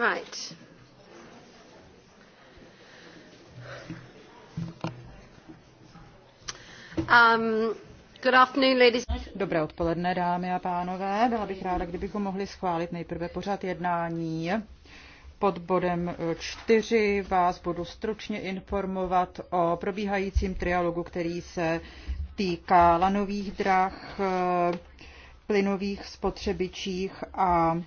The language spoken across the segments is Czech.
Right. Um, good afternoon, ladies. Dobré odpoledne, dámy a pánové. Byla bych ráda, kdybychom mohli schválit nejprve pořád jednání. Pod bodem 4 eh, vás budu stručně informovat o probíhajícím trialogu, který se týká lanových drah, eh, plynových spotřebičích a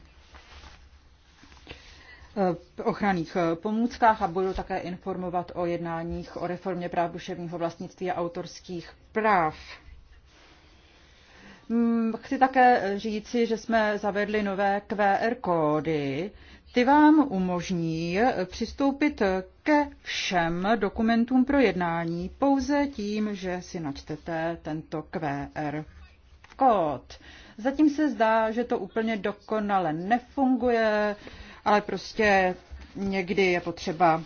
Eh, ochranných eh, pomůckách a budu také informovat o jednáních o reformě práv duševního vlastnictví a autorských práv. Hmm, chci také říci, že jsme zavedli nové QR kódy. Ty vám umožní přistoupit ke všem dokumentům pro jednání pouze tím, že si načtete tento QR kód. Zatím se zdá, že to úplně dokonale nefunguje ale prostě někdy je potřeba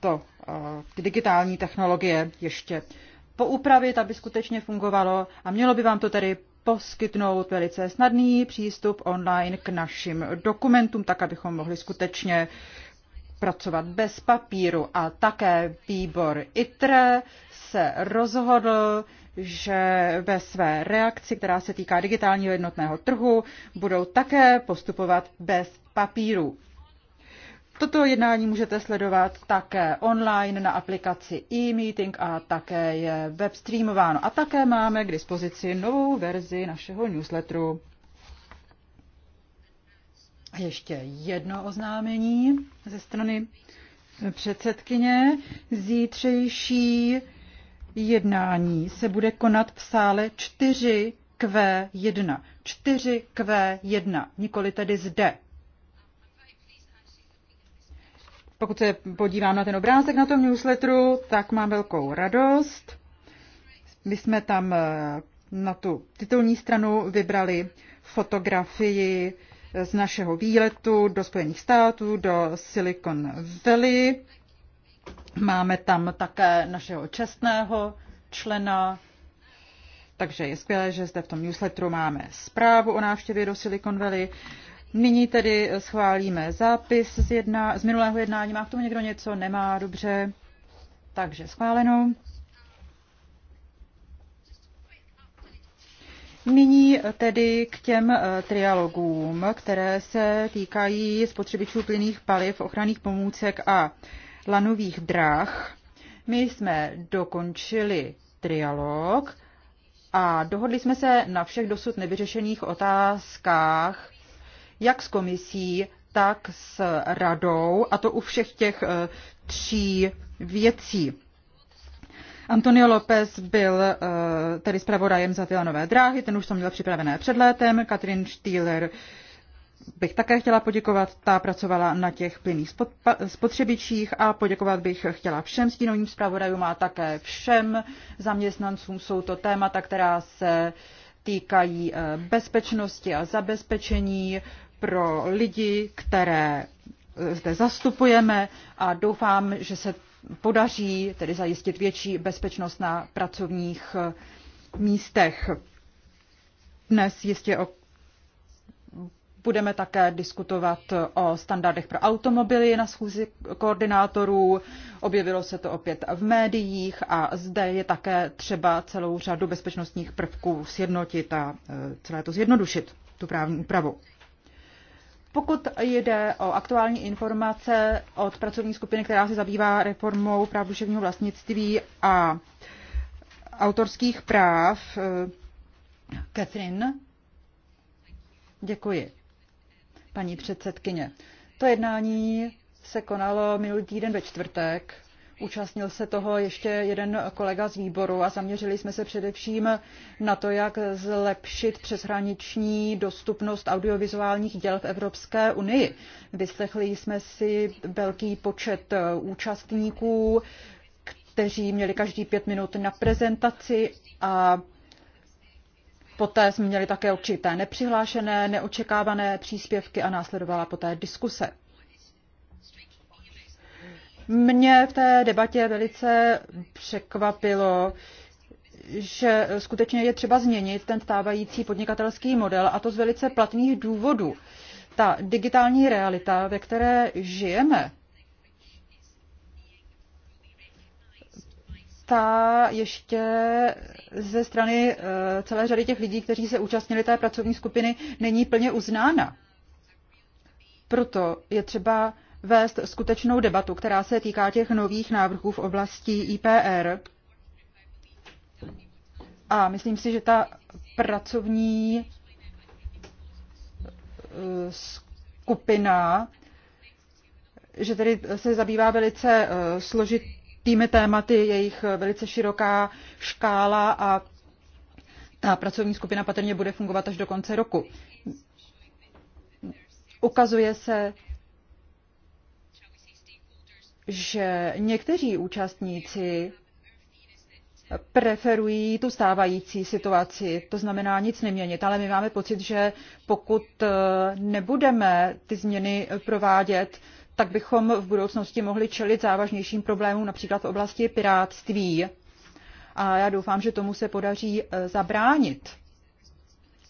to, eh, ty digitální technologie ještě poupravit, aby skutečně fungovalo a mělo by vám to tedy poskytnout velice snadný přístup online k našim dokumentům, tak abychom mohli skutečně pracovat bez papíru. A také výbor ITRE se rozhodl, že ve své reakci, která se týká digitálního jednotného trhu, budou také postupovat bez papíru. Toto jednání můžete sledovat také online na aplikaci e-meeting a také je webstreamováno. A také máme k dispozici novou verzi našeho newsletteru. A ještě jedno oznámení ze strany předsedkyně. Zítřejší jednání se bude konat v sále 4 Q1. 4 Q1, nikoli tedy zde. Pokud se podívám na ten obrázek na tom newsletteru, tak mám velkou radost. My jsme tam eh, na tu titulní stranu vybrali fotografii eh, z našeho výletu do Spojených států, do Silicon Valley. Máme tam také našeho čestného člena, takže je skvělé, že zde v tom newsletteru máme zprávu o návštěvě do Silicon Valley. Nyní tedy schválíme zápis z, jedna, z minulého jednání. Má k tomu někdo něco? Nemá, dobře. Takže schváleno. Nyní tedy k těm eh, trialogům, které se týkají spotřebičů plynných paliv, ochranných pomůcek a lanových dráh. My jsme dokončili trialog a dohodli jsme se na všech dosud nevyřešených otázkách, jak s komisí, tak s radou, a to u všech těch eh, tří věcí. Antonio López byl eh, tedy zpravodajem za ty nové dráhy, ten už to měl připravené před létem, Katrin Stieler bych také chtěla poděkovat. Ta pracovala na těch plynných spotřebičích a poděkovat bych chtěla všem stínovým zpravodajům a také všem zaměstnancům. Jsou to témata, která se týkají eh, bezpečnosti a zabezpečení pro lidi, které eh, zde zastupujeme a doufám, že se podaří tedy zajistit větší bezpečnost na pracovních eh, místech. Dnes jistě o Budeme také diskutovat o standardech pro automobily na schůzi koordinátorů. Objevilo se to opět v médiích a zde je také třeba celou řadu bezpečnostních prvků sjednotit a e, celé to zjednodušit, tu právní úpravu. Pokud jde o aktuální informace od pracovní skupiny, která se zabývá reformou práv duševního vlastnictví a autorských práv, e, Catherine, děkuji paní předsedkyně. To jednání se konalo minulý týden ve čtvrtek. Účastnil se toho ještě jeden kolega z výboru a zaměřili jsme se především na to, jak zlepšit přeshraniční dostupnost audiovizuálních děl v Evropské unii. Vyslechli jsme si velký počet účastníků, kteří měli každý pět minut na prezentaci a Poté jsme měli také určité nepřihlášené, neočekávané příspěvky a následovala poté diskuse. Mě v té debatě velice překvapilo, že skutečně je třeba změnit ten stávající podnikatelský model a to z velice platných důvodů. Ta digitální realita, ve které žijeme, ta ještě ze strany eh, celé řady těch lidí, kteří se účastnili té pracovní skupiny, není plně uznána. Proto je třeba vést skutečnou debatu, která se týká těch nových návrhů v oblasti IPR. A myslím si, že ta pracovní eh, skupina, že tedy se zabývá velice eh, složitým tými tématy, jejich velice široká škála a ta pracovní skupina patrně bude fungovat až do konce roku. Ukazuje se, že někteří účastníci preferují tu stávající situaci, to znamená nic neměnit, ale my máme pocit, že pokud eh, nebudeme ty změny provádět, tak bychom v budoucnosti mohli čelit závažnějším problémům, například v oblasti pirátství. A já doufám, že tomu se podaří eh, zabránit.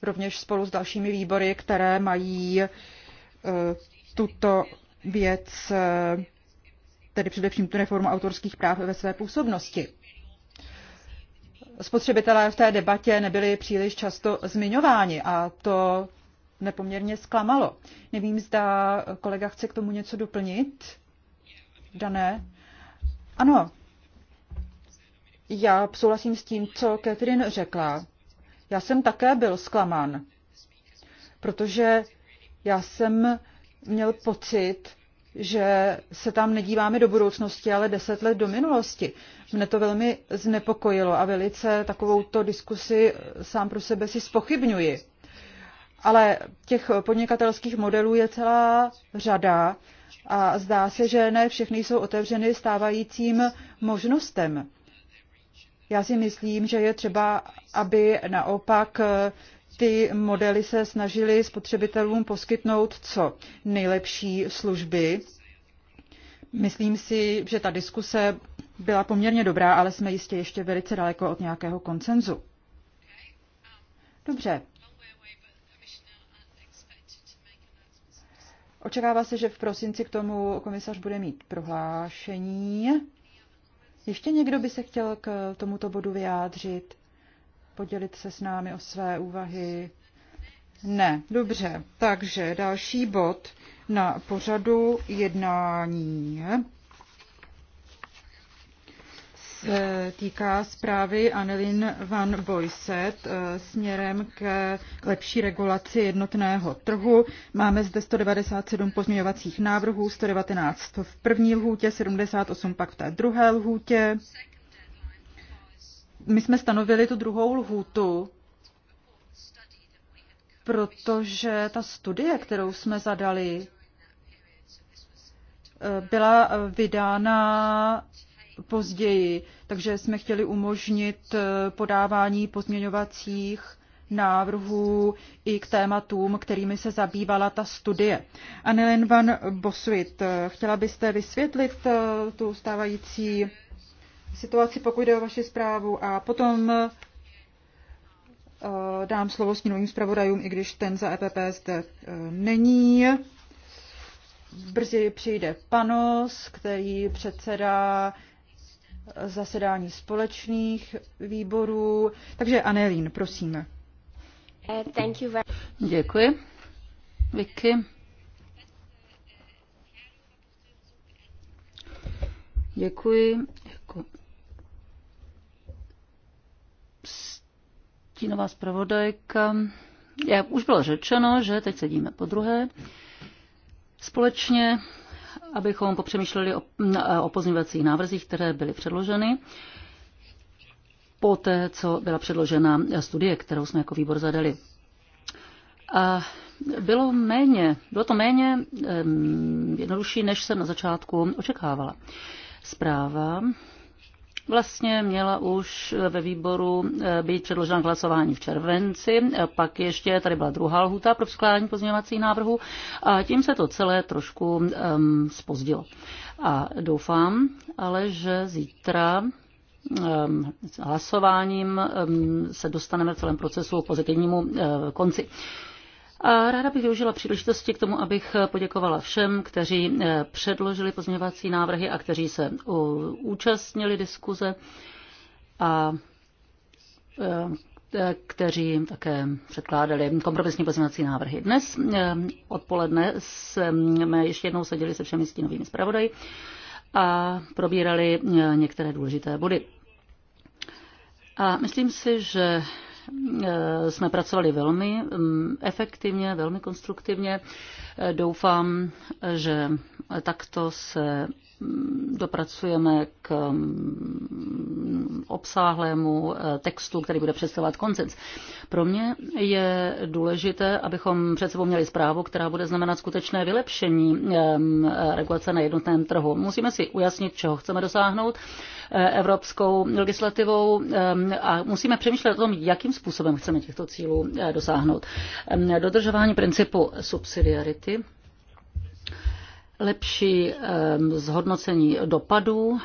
Rovněž spolu s dalšími výbory, které mají eh, tuto věc, eh, tedy především tu reformu autorských práv ve své působnosti. Spotřebitelé v té debatě nebyli příliš často zmiňováni a to nepoměrně zklamalo. Nevím, zda kolega chce k tomu něco doplnit. Dané? Ano. Já souhlasím s tím, co Catherine řekla. Já jsem také byl zklamán, protože já jsem měl pocit, že se tam nedíváme do budoucnosti, ale deset let do minulosti. Mne to velmi znepokojilo a velice takovouto diskusi sám pro sebe si spochybňuji. Ale těch podnikatelských modelů je celá řada a zdá se, že ne všechny jsou otevřeny stávajícím možnostem. Já si myslím, že je třeba, aby naopak ty modely se snažily spotřebitelům poskytnout co nejlepší služby. Myslím si, že ta diskuse byla poměrně dobrá, ale jsme jistě ještě velice daleko od nějakého koncenzu. Dobře. Očekává se, že v prosinci k tomu komisař bude mít prohlášení. Ještě někdo by se chtěl k tomuto bodu vyjádřit, podělit se s námi o své úvahy? Ne, dobře. Takže další bod na pořadu jednání se týká zprávy Anelin van Boyset eh, směrem k lepší regulaci jednotného trhu. Máme zde 197 pozměňovacích návrhů, 119 v první lhůtě, 78 pak v té druhé lhůtě. My jsme stanovili tu druhou lhůtu, protože ta studie, kterou jsme zadali, eh, byla vydána později, takže jsme chtěli umožnit eh, podávání pozměňovacích návrhů i k tématům, kterými se zabývala ta studie. Anelin van Boswit, eh, chtěla byste vysvětlit eh, tu stávající situaci, pokud jde o vaši zprávu a potom dám slovo stínovým zpravodajům, i když ten za EPP zde není. Brzy přijde Panos, který předsedá zasedání společných výborů. Takže Anelín, prosím. Eh, thank you very... Děkuji. Vicky. Děkuji. Jako stínová zpravodajka. Já už bylo řečeno, že teď sedíme po druhé společně abychom popřemýšleli o, e, o pozměňovacích návrzích, které byly předloženy poté, co byla předložena studie, kterou jsme jako výbor zadali. A bylo méně, bylo to méně um, jednodušší, než jsem na začátku očekávala. Zpráva vlastně měla už ve výboru eh, být předložena k hlasování v červenci, eh, pak ještě tady byla druhá lhuta pro předkládání pozměňovacích návrhů a tím se to celé trošku um, ehm, spozdilo. A doufám ale, že zítra ehm, hlasováním ehm, se dostaneme v celém procesu k pozitivnímu eh, konci. A ráda bych využila příležitosti k tomu, abych poděkovala všem, kteří eh, předložili pozměňovací návrhy a kteří se účastnili diskuze a eh, eh, kteří také předkládali kompromisní pozměňovací návrhy. Dnes odpoledne jsme ještě jednou seděli se všemi stínovými zpravodaji a probírali některé důležité body. A myslím si, že Eh, jsme pracovali velmi mm, efektivně, velmi konstruktivně. Eh, doufám, že takto se dopracujeme k mm, obsáhlému eh, textu, který bude představovat koncens. Pro mě je důležité, abychom před sebou měli zprávu, která bude znamenat skutečné vylepšení eh, regulace na jednotném trhu. Musíme si ujasnit, čeho chceme dosáhnout eh, evropskou legislativou a musíme přemýšlet o tom, jakým způsobem chceme těchto cílů dosáhnout. Dodržování principu subsidiarity lepší ehm, zhodnocení dopadů,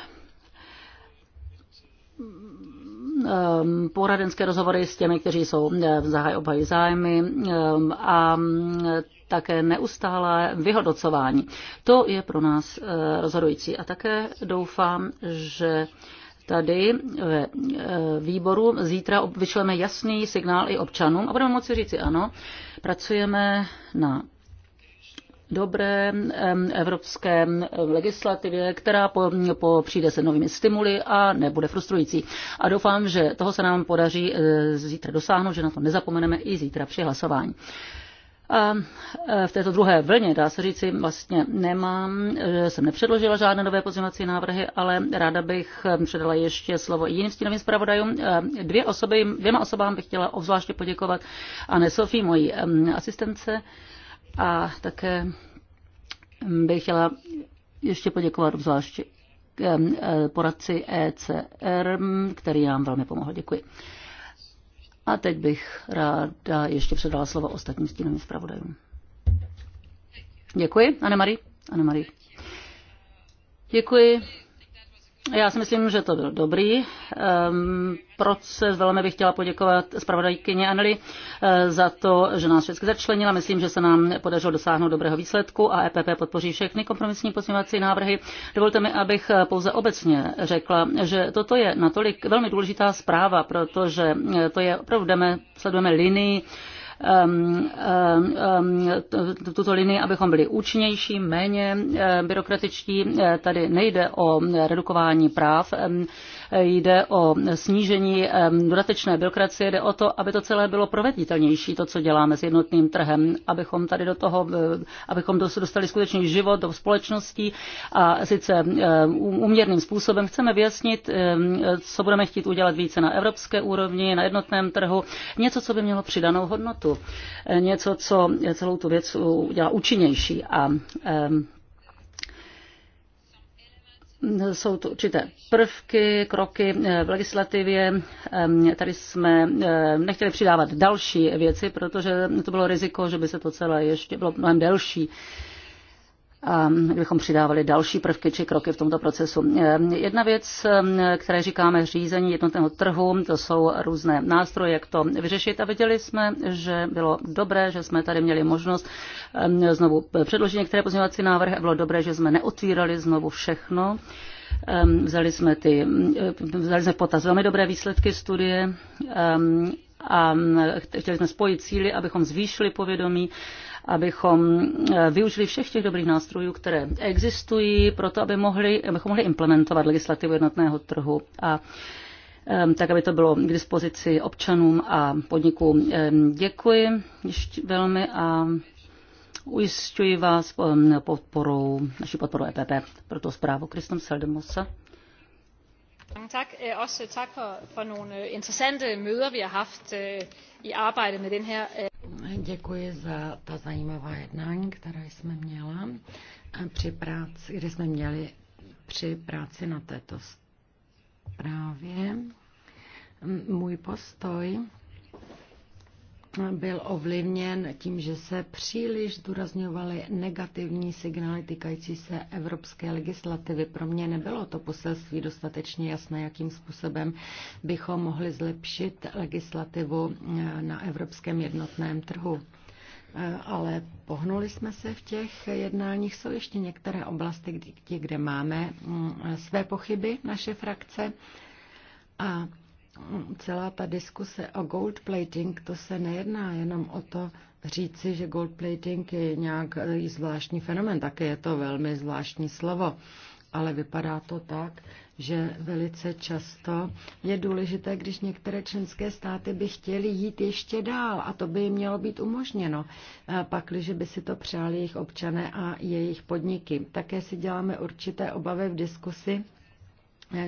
ehm, poradenské rozhovory s těmi, kteří jsou eh, zahaj obhají zájmy ehm, a mm, také neustále vyhodnocování. To je pro nás eh, rozhodující. A také doufám, že tady ve eh, výboru zítra vyšleme jasný signál i občanům a budeme moci říci ano, pracujeme na dobré evropské legislativě, která po, po přijde se novými stimuly a nebude frustrující. A doufám, že toho se nám podaří eh, zítra dosáhnout, že na to nezapomeneme i zítra při hlasování. A eh, v této druhé vlně, dá se říci, vlastně nemám, eh, jsem nepředložila žádné nové pozměňovací návrhy, ale ráda bych předala ještě slovo i jiným stínovým zpravodajům. Dvě osoby, dvěma osobám bych chtěla obzvláště poděkovat. a ne Sofii, mojí asistence, a také bych chtěla ještě poděkovat obzvlášť e, poradci ECR, který nám velmi pomohl. Děkuji. A teď bych ráda ještě předala slovo ostatním stínovým zpravodajům. Děkuji, Anemarie. Anemarie. Děkuji. Já si myslím, že to byl dobrý um, proces. Velmi bych chtěla poděkovat zpravodajkyni Anely eh, za to, že nás všechny začlenila. Myslím, že se nám podařilo dosáhnout dobrého výsledku a EPP podpoří všechny kompromisní pozměňovací návrhy. Dovolte mi, abych eh, pouze obecně řekla, že toto je natolik velmi důležitá zpráva, protože eh, to je opravdu jdeme, sledujeme linii Ehm, ehm, ehm, tuto linii, abychom byli účinnější, méně eh, byrokratičtí. Eh, tady nejde o redukování práv jde o snížení dodatečné byrokracie, jde o to, aby to celé bylo proveditelnější, to, co děláme s jednotným trhem, abychom tady do toho, abychom dostali skutečný život do společnosti a sice um, uměrným způsobem chceme vyjasnit, co budeme chtít udělat více na evropské úrovni, na jednotném trhu, něco, co by mělo přidanou hodnotu, něco, co celou tu věc udělá účinnější a jsou to určité prvky, kroky eh, v legislativě. Ehm, tady jsme eh, nechtěli přidávat další věci, protože to bylo riziko, že by se to celé ještě bylo mnohem delší a kdybychom přidávali další prvky či kroky v tomto procesu. Eh, jedna věc, eh, které říkáme řízení jednotného trhu, to jsou různé nástroje, jak to vyřešit. A viděli jsme, že bylo dobré, že jsme tady měli možnost eh, znovu předložit některé pozměňovací návrhy a bylo dobré, že jsme neotvírali znovu všechno. Ehm, vzali jsme, ty, vzali jsme v potaz velmi dobré výsledky studie ehm, a hm, chtěli jsme spojit cíly, abychom zvýšili povědomí abychom eh, využili všech těch dobrých nástrojů, které existují, proto aby mohli, abychom mohli implementovat legislativu jednotného trhu a tak, aby to bylo k dispozici občanům a podnikům. Děkuji ještě velmi a ujistuji vás podporou, naší podporou EPP pro tu zprávu. Kristom Seldemosa. Mange tak. Eh, også tak for, for nogle eh, interessante møder, vi har haft i arbejdet med den her Děkuji za ta zajímavá jednání, která jsme měla při práci, kde jsme měli při práci na této zprávě. Můj postoj byl ovlivněn tím, že se příliš zdůrazňovaly negativní signály týkající se evropské legislativy. Pro mě nebylo to poselství dostatečně jasné, jakým způsobem bychom mohli zlepšit legislativu eh, na evropském jednotném trhu. Eh, ale pohnuli jsme se v těch jednáních. Jsou ještě některé oblasti, kde máme mm, své pochyby, naše frakce. A celá ta diskuse o gold plating, to se nejedná jenom o to říci, že gold plating je nějaký zvláštní fenomen, také je to velmi zvláštní slovo, ale vypadá to tak, že velice často je důležité, když některé členské státy by chtěly jít ještě dál a to by jim mělo být umožněno, pakliže by si to přáli jejich občané a jejich podniky. Také si děláme určité obavy v diskusi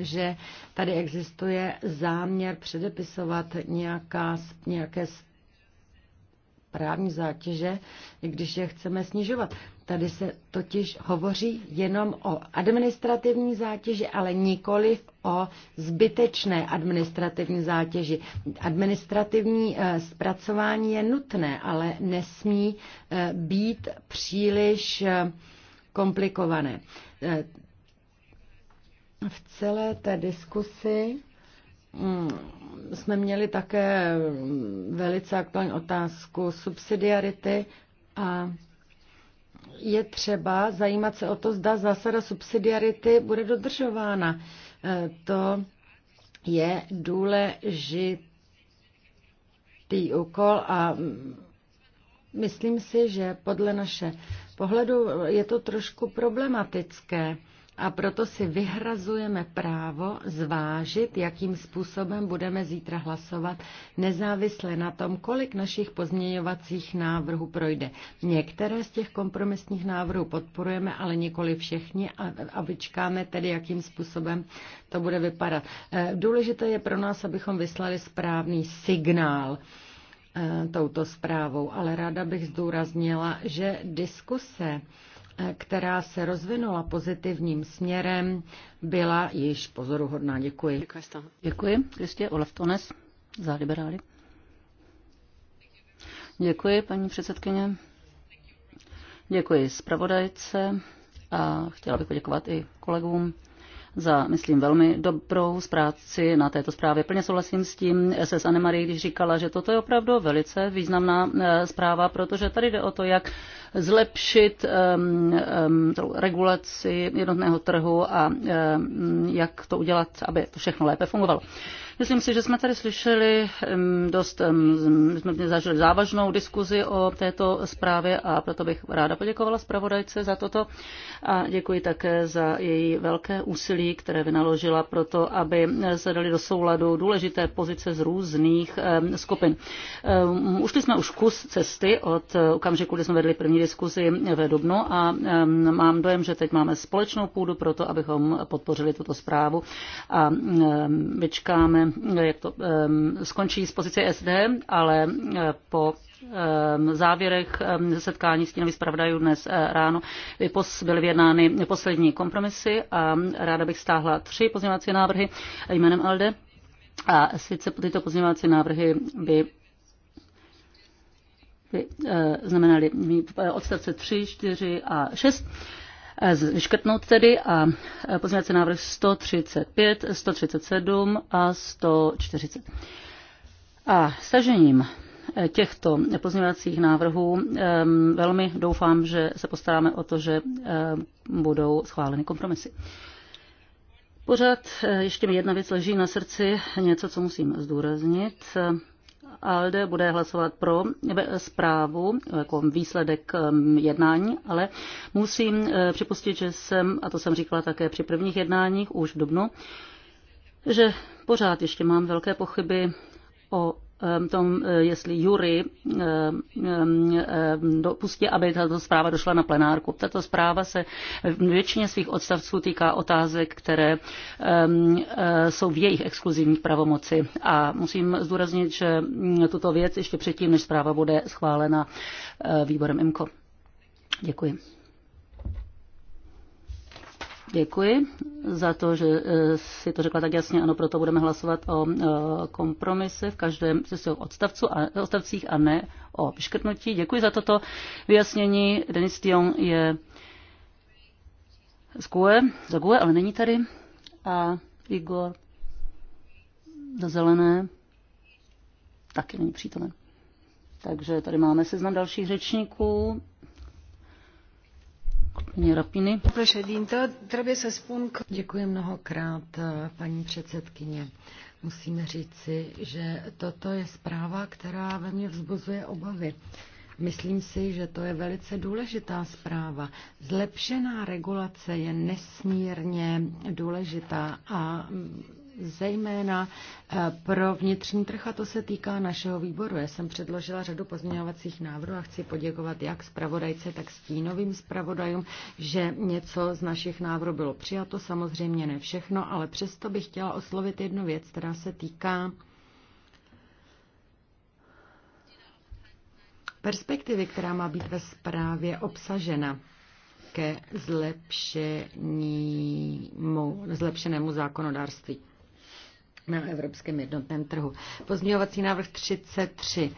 že tady existuje záměr předepisovat nějaká, nějaké právní zátěže, i když je chceme snižovat. Tady se totiž hovoří jenom o administrativní zátěži, ale nikoli o zbytečné administrativní zátěži. Administrativní eh, zpracování je nutné, ale nesmí eh, být příliš eh, komplikované. V celé té diskusi mm, jsme měli také velice aktuální otázku subsidiarity a je třeba zajímat se o to, zda zásada subsidiarity bude dodržována. E, to je důležitý úkol a myslím si, že podle naše pohledu je to trošku problematické. A proto si vyhrazujeme právo zvážit, jakým způsobem budeme zítra hlasovat, nezávisle na tom, kolik našich pozměňovacích návrhů projde. Některé z těch kompromisních návrhů podporujeme, ale nikoli všechny a, a vyčkáme tedy, jakým způsobem to bude vypadat. Eh, důležité je pro nás, abychom vyslali správný signál eh, touto zprávou, ale ráda bych zdůraznila, že diskuse která se rozvinula pozitivním směrem, byla již pozoruhodná. Děkuji. Děkuji. Kristě Olaf Tones za liberály. Děkuji, paní předsedkyně. Děkuji zpravodajce a chtěla bych poděkovat i kolegům za, myslím, velmi dobrou zpráci na této zprávě. Plně souhlasím s tím SS Anne Marie, když říkala, že toto je opravdu velice významná eh, zpráva, protože tady jde o to, jak zlepšit regulaci jednotného trhu a jak to udělat, aby to všechno lépe fungovalo. Myslím si, že jsme tady slyšeli dost, jsme zažili závažnou diskuzi o této zprávě a proto bych ráda poděkovala zpravodajce za toto a děkuji také za její velké úsilí, které vynaložila pro to, aby se dali do souladu důležité pozice z různých skupin. Ušli jsme už kus cesty od eh, okamžiku, kdy jsme vedli první diskuzi ve Dubnu a mám dojem, že teď máme společnou půdu pro to, abychom podpořili tuto zprávu a vyčkáme, jak to skončí z pozice SD, ale eh, po závěrech setkání tím zpravodajů dnes eh, ráno byly vyjednány poslední kompromisy a ráda bych stáhla tři pozměňovací návrhy jménem ALDE. A sice tyto pozměňovací návrhy by Eh, znamenali eh, odstavce 3, 4 a 6 eh, škrtnout tedy a pozměňovací návrh 135, 137 a 140. A stažením těchto pozměňovacích návrhů ehm, velmi doufám, že se postaráme o to, že budou schváleny kompromisy. Pořád ještě mi jedna věc leží na srdci, něco, co musím zdůraznit. ALDE bude hlasovat pro zprávu jako výsledek um, jednání, ale musím uh, připustit, že jsem, a to jsem říkala také při prvních jednáních už v Dubnu, že pořád ještě mám velké pochyby o Eh, tom, eh, jestli jury eh, dopustí, aby tato zpráva došla na plenárku. Tato zpráva se většině svých odstavců týká otázek, které jsou v jejich exkluzivní pravomoci. A musím zdůraznit, že mm, tuto věc ještě předtím, než zpráva bude schválena výborem IMCO. Děkuji. Děkuji za to, že eh, si to řekla tak jasně. Ano, proto budeme hlasovat o eh, kompromise v každém jsou odstavců a, odstavcích a ne o vyškrtnutí. Děkuji za toto vyjasnění. Denis Dion je z GUE, za GUE, ale není tady. A Igor do zelené taky není přítomen. Takže tady máme seznam dalších řečníků. Děkuji mnohokrát, paní předsedkyně. Musíme říci, že toto je zpráva, která ve mně vzbuzuje obavy. Myslím si, že to je velice důležitá zpráva. Zlepšená regulace je nesmírně důležitá a zejména eh, pro vnitřní trh a to se týká našeho výboru. Já jsem předložila řadu pozměňovacích návrhů a chci poděkovat jak zpravodajce, tak stínovým zpravodajům, že něco z našich návrhů bylo přijato, samozřejmě ne všechno, ale přesto bych chtěla oslovit jednu věc, která se týká perspektivy, která má být ve zprávě obsažena ke zlepšenému zákonodárství na evropském jednotném trhu. Pozměňovací návrh 33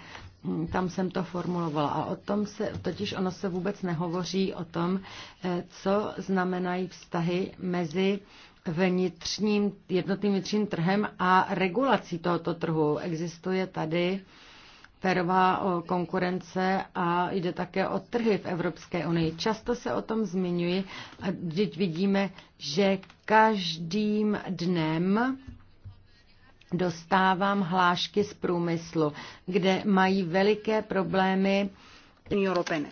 mm, tam jsem to formulovala. A o tom se, totiž ono se vůbec nehovoří o tom, eh, co znamenají vztahy mezi vnitřním, jednotným vnitřním trhem a regulací tohoto trhu. Existuje tady ferová konkurence a jde také o trhy v Evropské unii. Často se o tom zmiňuji a teď vidíme, že každým dnem dostávám hlášky z průmyslu, kde mají veliké problémy europene.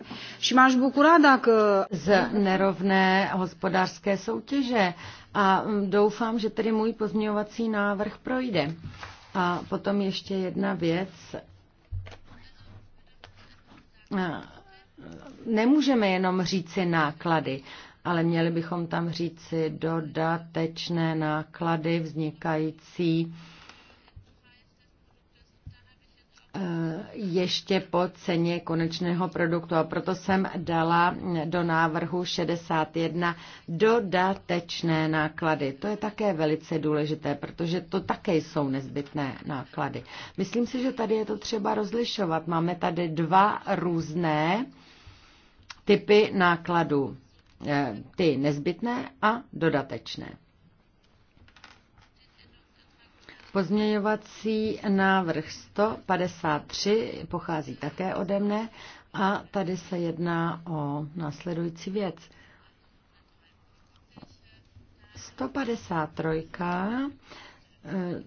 Z nerovné hospodářské soutěže a doufám, že tedy můj pozměňovací návrh projde. A potom ještě jedna věc. Nemůžeme jenom říci náklady, ale měli bychom tam říci dodatečné náklady vznikající Eh, ještě po ceně konečného produktu. A proto jsem dala do návrhu 61 dodatečné náklady. To je také velice důležité, protože to také jsou nezbytné náklady. Myslím si, že tady je to třeba rozlišovat. Máme tady dva různé typy nákladů. Eh, ty nezbytné a dodatečné. Pozměňovací návrh 153 pochází také ode mne a tady se jedná o následující věc. 153. Eh,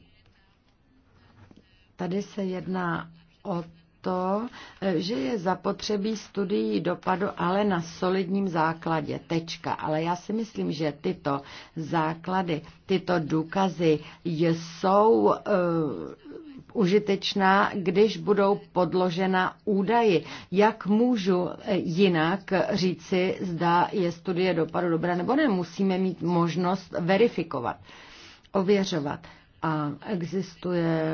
tady se jedná o to, že je zapotřebí studií dopadu, ale na solidním základě. Tečka. Ale já si myslím, že tyto základy, tyto důkazy jsou uh, užitečná, když budou podložena údaji. Jak můžu eh, jinak říci, zda je studie dopadu dobrá nebo ne? Musíme mít možnost verifikovat, ověřovat. A existuje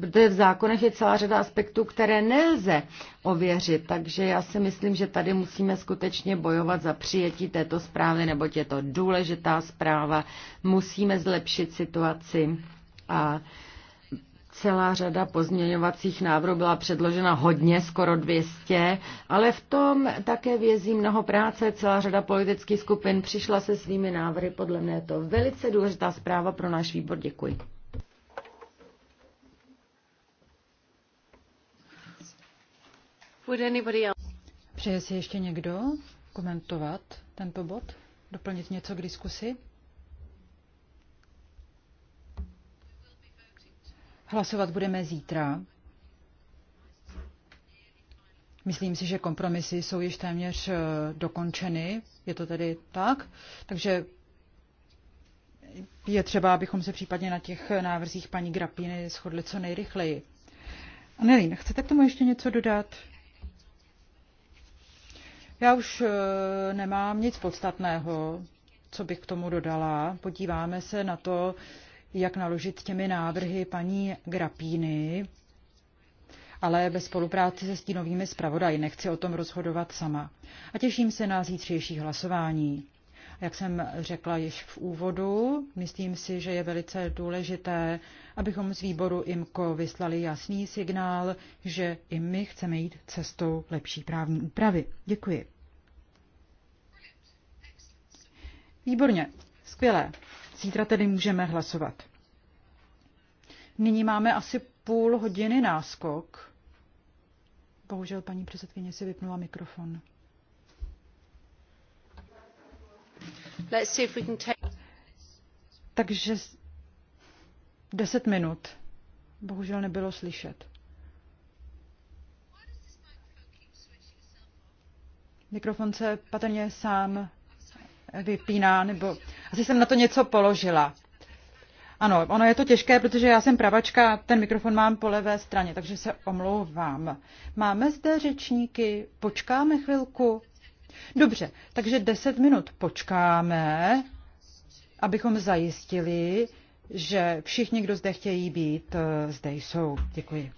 protože v zákonech je celá řada aspektů, které nelze ověřit, takže já si myslím, že tady musíme skutečně bojovat za přijetí této zprávy, neboť je to důležitá zpráva, musíme zlepšit situaci a celá řada pozměňovacích návrhů byla předložena hodně, skoro 200, ale v tom také vězí mnoho práce. Celá řada politických skupin přišla se svými návrhy. Podle mě je to velice důležitá zpráva pro náš výbor. Děkuji. Přeje si ještě někdo komentovat tento bod? Doplnit něco k diskusi? Hlasovat budeme zítra. Myslím si, že kompromisy jsou již téměř eh, dokončeny. Je to tedy tak? Takže je třeba, abychom se případně na těch návrzích paní Grapiny shodli co nejrychleji. Anelín, chcete k tomu ještě něco dodat? Já už eh, nemám nic podstatného, co bych k tomu dodala. Podíváme se na to, jak naložit těmi návrhy paní Grapíny, ale ve spolupráci se stínovými zpravodaji nechci o tom rozhodovat sama. A těším se na zítřejší hlasování. Jak jsem řekla již v úvodu, myslím si, že je velice důležité, abychom z výboru IMCO vyslali jasný signál, že i my chceme jít cestou lepší právní úpravy. Děkuji. Výborně, skvělé. Zítra tedy můžeme hlasovat. Nyní máme asi půl hodiny náskok. Bohužel paní předsedkyně si vypnula mikrofon. Takže deset minut. Bohužel nebylo slyšet. Mikrofon se patrně sám eh, vypíná, nebo asi jsem na to něco položila. Ano, ono je to těžké, protože já jsem pravačka ten mikrofon mám po levé straně, takže se omlouvám. Máme zde řečníky, počkáme chvilku. Dobře, takže 10 minut počkáme, abychom zajistili, že všichni, kdo zde chtějí být, eh, zde jsou. Děkuji.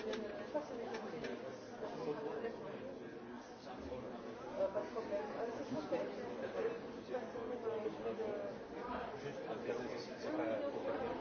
Juste parce que c'est pas complètement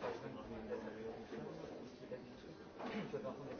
Thank you.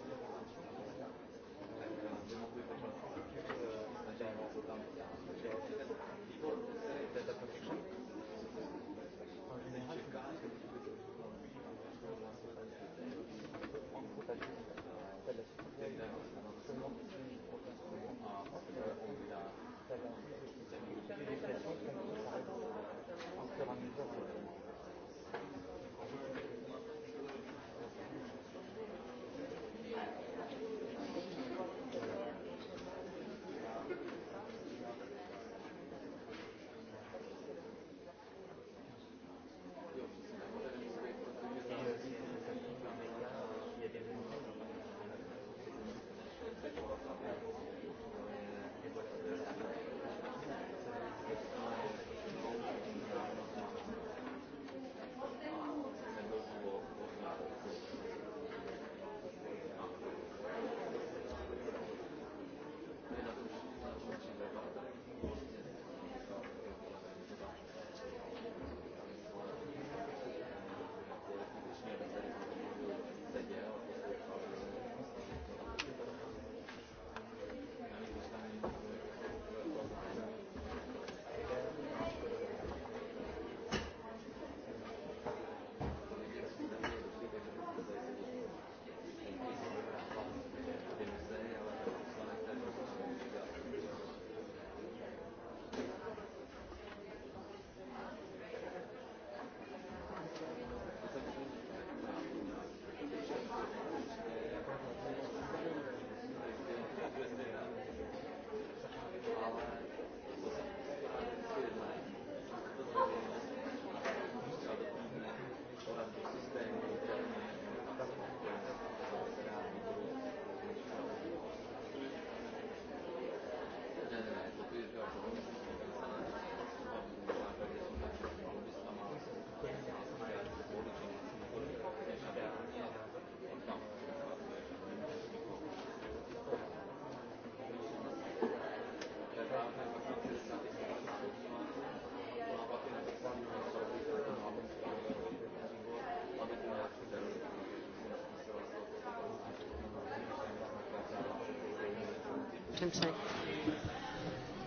I'm sorry.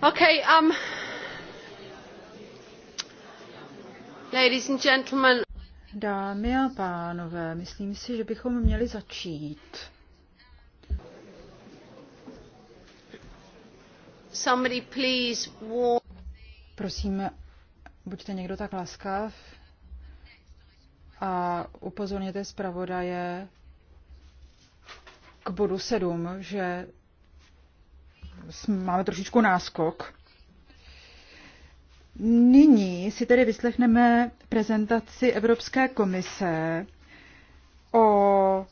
Okay, um, ladies and gentlemen. Dámy a pánové, myslím si, že bychom měli začít. Somebody please warn... Prosím, buďte někdo tak laskav a upozorněte zpravodaje k bodu 7, že máme trošičku náskok. Nyní si tedy vyslechneme prezentaci Evropské komise o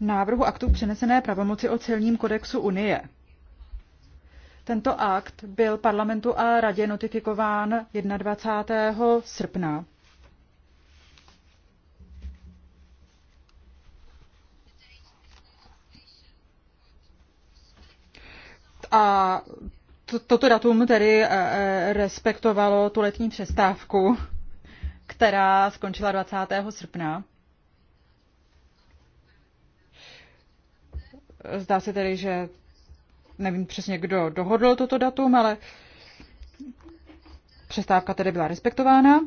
návrhu aktu přenesené pravomoci o celním kodexu Unie. Tento akt byl parlamentu a radě notifikován 21. srpna A toto datum tedy eh, eh, respektovalo tu letní přestávku, která skončila 20. srpna. Zdá se tedy, že nevím přesně, kdo dohodl toto datum, ale přestávka tedy byla respektována.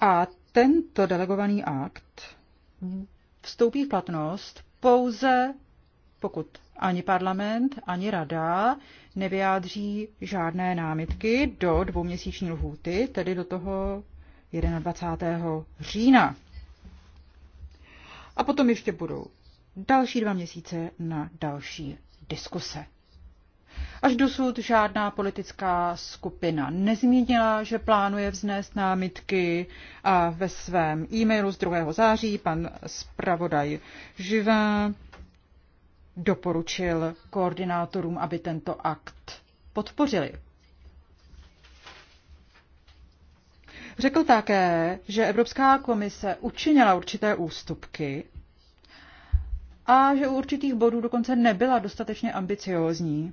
A tento delegovaný akt vstoupí v platnost pouze pokud ani parlament, ani rada nevyjádří žádné námitky do dvouměsíční lhůty, tedy do toho 21. října. A potom ještě budou další dva měsíce na další diskuse. Až dosud žádná politická skupina nezmínila, že plánuje vznést námitky a ve svém e-mailu z 2. září pan zpravodaj Živin doporučil koordinátorům, aby tento akt podpořili. Řekl také, že Evropská komise učinila určité ústupky a že u určitých bodů dokonce nebyla dostatečně ambiciózní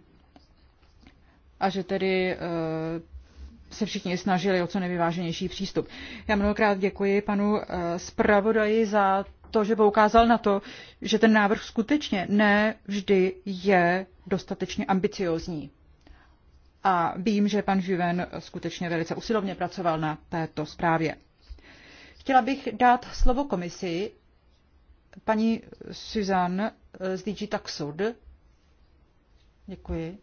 a že tedy eh, se všichni snažili o co nevyváženější přístup. Já mnohokrát děkuji panu eh, zpravodaji za to, že poukázal na to, že ten návrh skutečně ne vždy je dostatečně ambiciózní. A vím, že pan Živen skutečně velice usilovně pracoval na této zprávě. Chtěla bych dát slovo komisi paní Suzanne eh, z DG Taxud. Děkuji.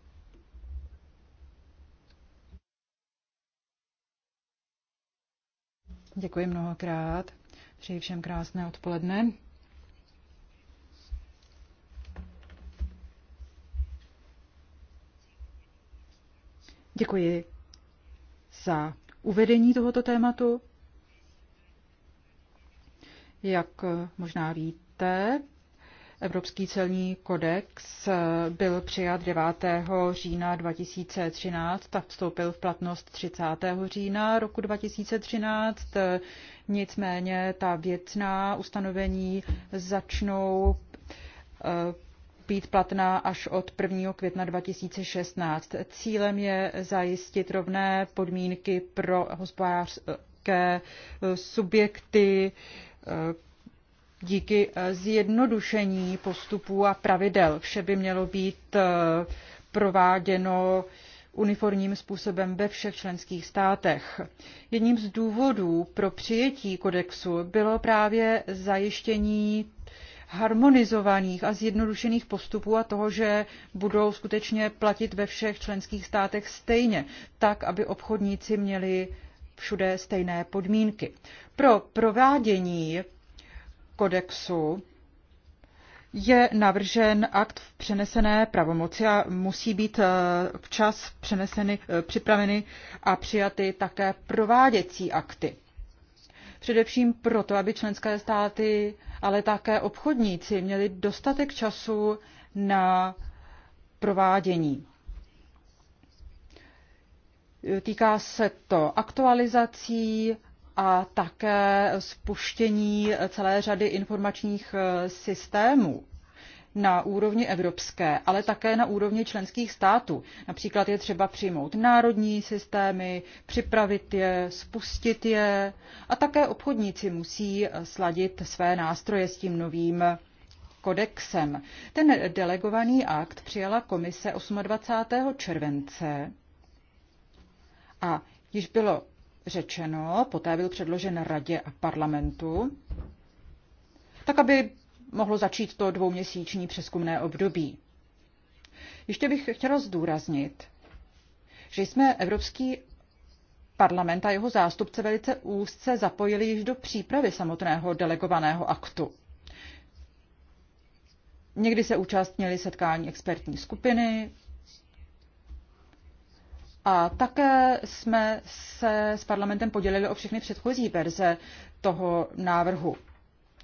Děkuji mnohokrát. Přeji všem krásné odpoledne. Děkuji za uvedení tohoto tématu. Jak možná víte, Evropský celní kodex byl přijat 9. října 2013 a vstoupil v platnost 30. října roku 2013. Nicméně ta věcná ustanovení začnou eh, být platná až od 1. května 2016. Cílem je zajistit rovné podmínky pro hospodářské subjekty, eh, díky eh, zjednodušení postupů a pravidel. Vše by mělo být eh, prováděno uniformním způsobem ve všech členských státech. Jedním z důvodů pro přijetí kodexu bylo právě zajištění harmonizovaných a zjednodušených postupů a toho, že budou skutečně platit ve všech členských státech stejně, tak, aby obchodníci měli všude stejné podmínky. Pro provádění kodexu je navržen akt v přenesené pravomoci a musí být eh, včas přeneseny, eh, připraveny a přijaty také prováděcí akty. Především proto, aby členské státy, ale také obchodníci měli dostatek času na provádění. Týká se to aktualizací, a také spuštění celé řady informačních eh, systémů na úrovni evropské, ale také na úrovni členských států. Například je třeba přijmout národní systémy, připravit je, spustit je a také obchodníci musí eh, sladit své nástroje s tím novým kodexem. Ten delegovaný akt přijala komise 28. července a již bylo řečeno, poté byl předložen radě a parlamentu, tak aby mohlo začít to dvouměsíční přeskumné období. Ještě bych chtěla zdůraznit, že jsme Evropský parlament a jeho zástupce velice úzce zapojili již do přípravy samotného delegovaného aktu. Někdy se účastnili setkání expertní skupiny, a také jsme se s parlamentem podělili o všechny předchozí verze toho návrhu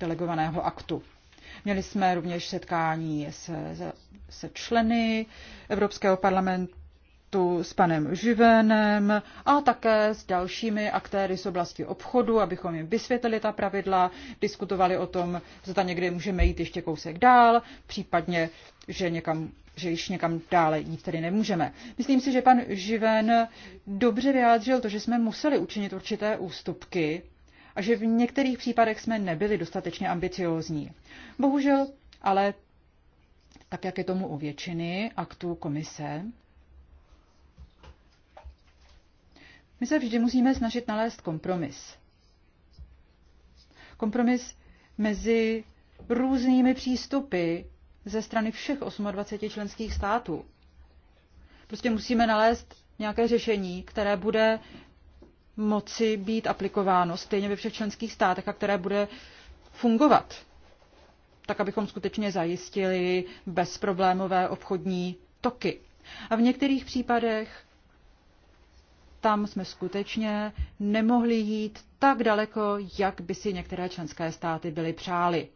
delegovaného aktu. Měli jsme rovněž setkání se, se, se členy Evropského parlamentu s panem Živenem a také s dalšími aktéry z oblasti obchodu, abychom jim vysvětlili ta pravidla, diskutovali o tom, zda někde můžeme jít ještě kousek dál, případně, že někam že již někam dále jít tedy nemůžeme. Myslím si, že pan Živen dobře vyjádřil to, že jsme museli učinit určité ústupky a že v některých případech jsme nebyli dostatečně ambiciózní. Bohužel, ale tak, jak je tomu u většiny aktů komise, my se vždy musíme snažit nalézt kompromis. Kompromis mezi různými přístupy ze strany všech 28 členských států. Prostě musíme nalézt nějaké řešení, které bude moci být aplikováno stejně ve všech členských státech a které bude fungovat, tak abychom skutečně zajistili bezproblémové obchodní toky. A v některých případech tam jsme skutečně nemohli jít tak daleko, jak by si některé členské státy byly přáli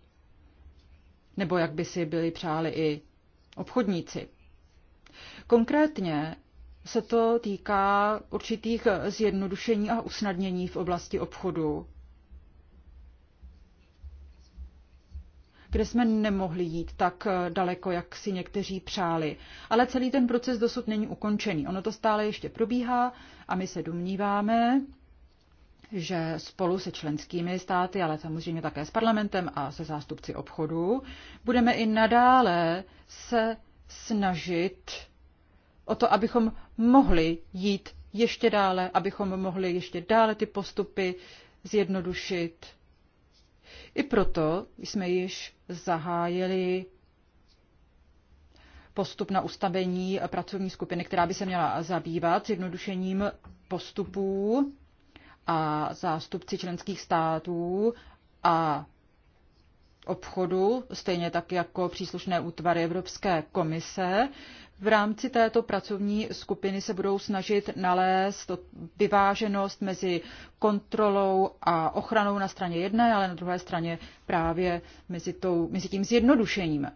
nebo jak by si byli přáli i obchodníci. Konkrétně se to týká určitých zjednodušení a usnadnění v oblasti obchodu, kde jsme nemohli jít tak daleko, jak si někteří přáli. Ale celý ten proces dosud není ukončený. Ono to stále ještě probíhá a my se domníváme, že spolu se členskými státy, ale samozřejmě také s parlamentem a se zástupci obchodu, budeme i nadále se snažit o to, abychom mohli jít ještě dále, abychom mohli ještě dále ty postupy zjednodušit. I proto jsme již zahájili postup na ustavení pracovní skupiny, která by se měla zabývat zjednodušením postupů a zástupci členských států a obchodu, stejně tak jako příslušné útvary Evropské komise. V rámci této pracovní skupiny se budou snažit nalézt vyváženost mezi kontrolou a ochranou na straně jedné, ale na druhé straně právě mezi, tou, mezi tím zjednodušením.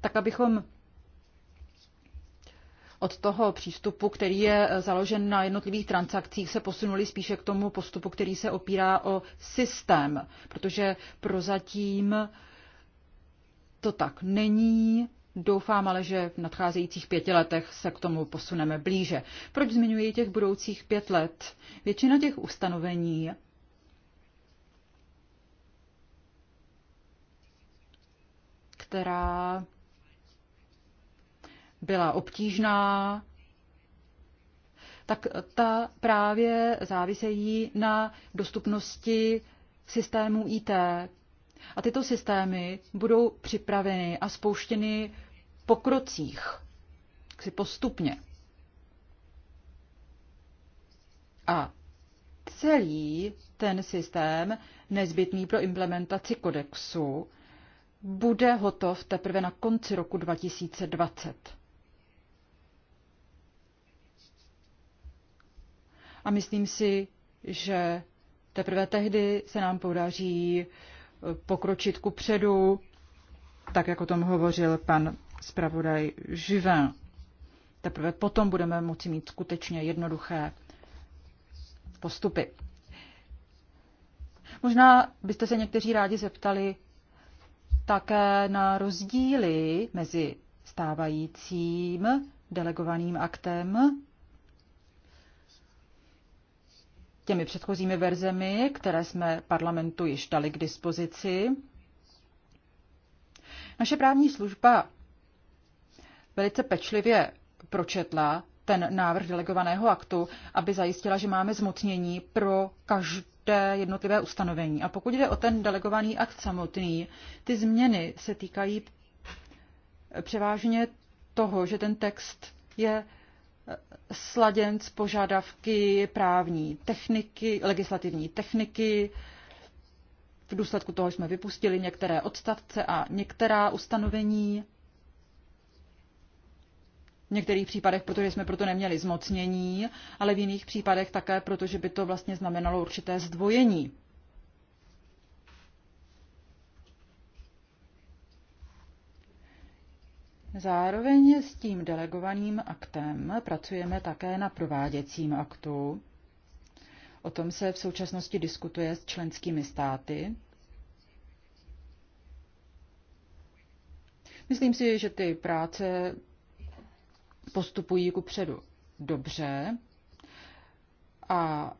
Tak abychom od toho přístupu, který je eh, založen na jednotlivých transakcích, se posunuli spíše k tomu postupu, který se opírá o systém, protože prozatím to tak není. Doufám ale, že v nadcházejících pěti letech se k tomu posuneme blíže. Proč zmiňuji těch budoucích pět let? Většina těch ustanovení která byla obtížná, tak ta právě závisejí na dostupnosti systému IT. A tyto systémy budou připraveny a spouštěny po krocích, si postupně. A celý ten systém, nezbytný pro implementaci kodexu, bude hotov teprve na konci roku 2020. a myslím si, že teprve tehdy se nám podaří eh, pokročit ku předu, tak jak o tom hovořil pan zpravodaj Živin. Teprve potom budeme moci mít skutečně jednoduché postupy. Možná byste se někteří rádi zeptali také na rozdíly mezi stávajícím delegovaným aktem těmi předchozími verzemi, které jsme parlamentu již dali k dispozici. Naše právní služba velice pečlivě pročetla ten návrh delegovaného aktu, aby zajistila, že máme zmocnění pro každé jednotlivé ustanovení. A pokud jde o ten delegovaný akt samotný, ty změny se týkají převážně toho, že ten text je sladěn s požadavky právní techniky, legislativní techniky. V důsledku toho jsme vypustili některé odstavce a některá ustanovení. V některých případech, protože jsme proto neměli zmocnění, ale v jiných případech také, protože by to vlastně znamenalo určité zdvojení. Zároveň s tím delegovaným aktem pracujeme také na prováděcím aktu. O tom se v současnosti diskutuje s členskými státy. Myslím si, že ty práce postupují ku předu dobře a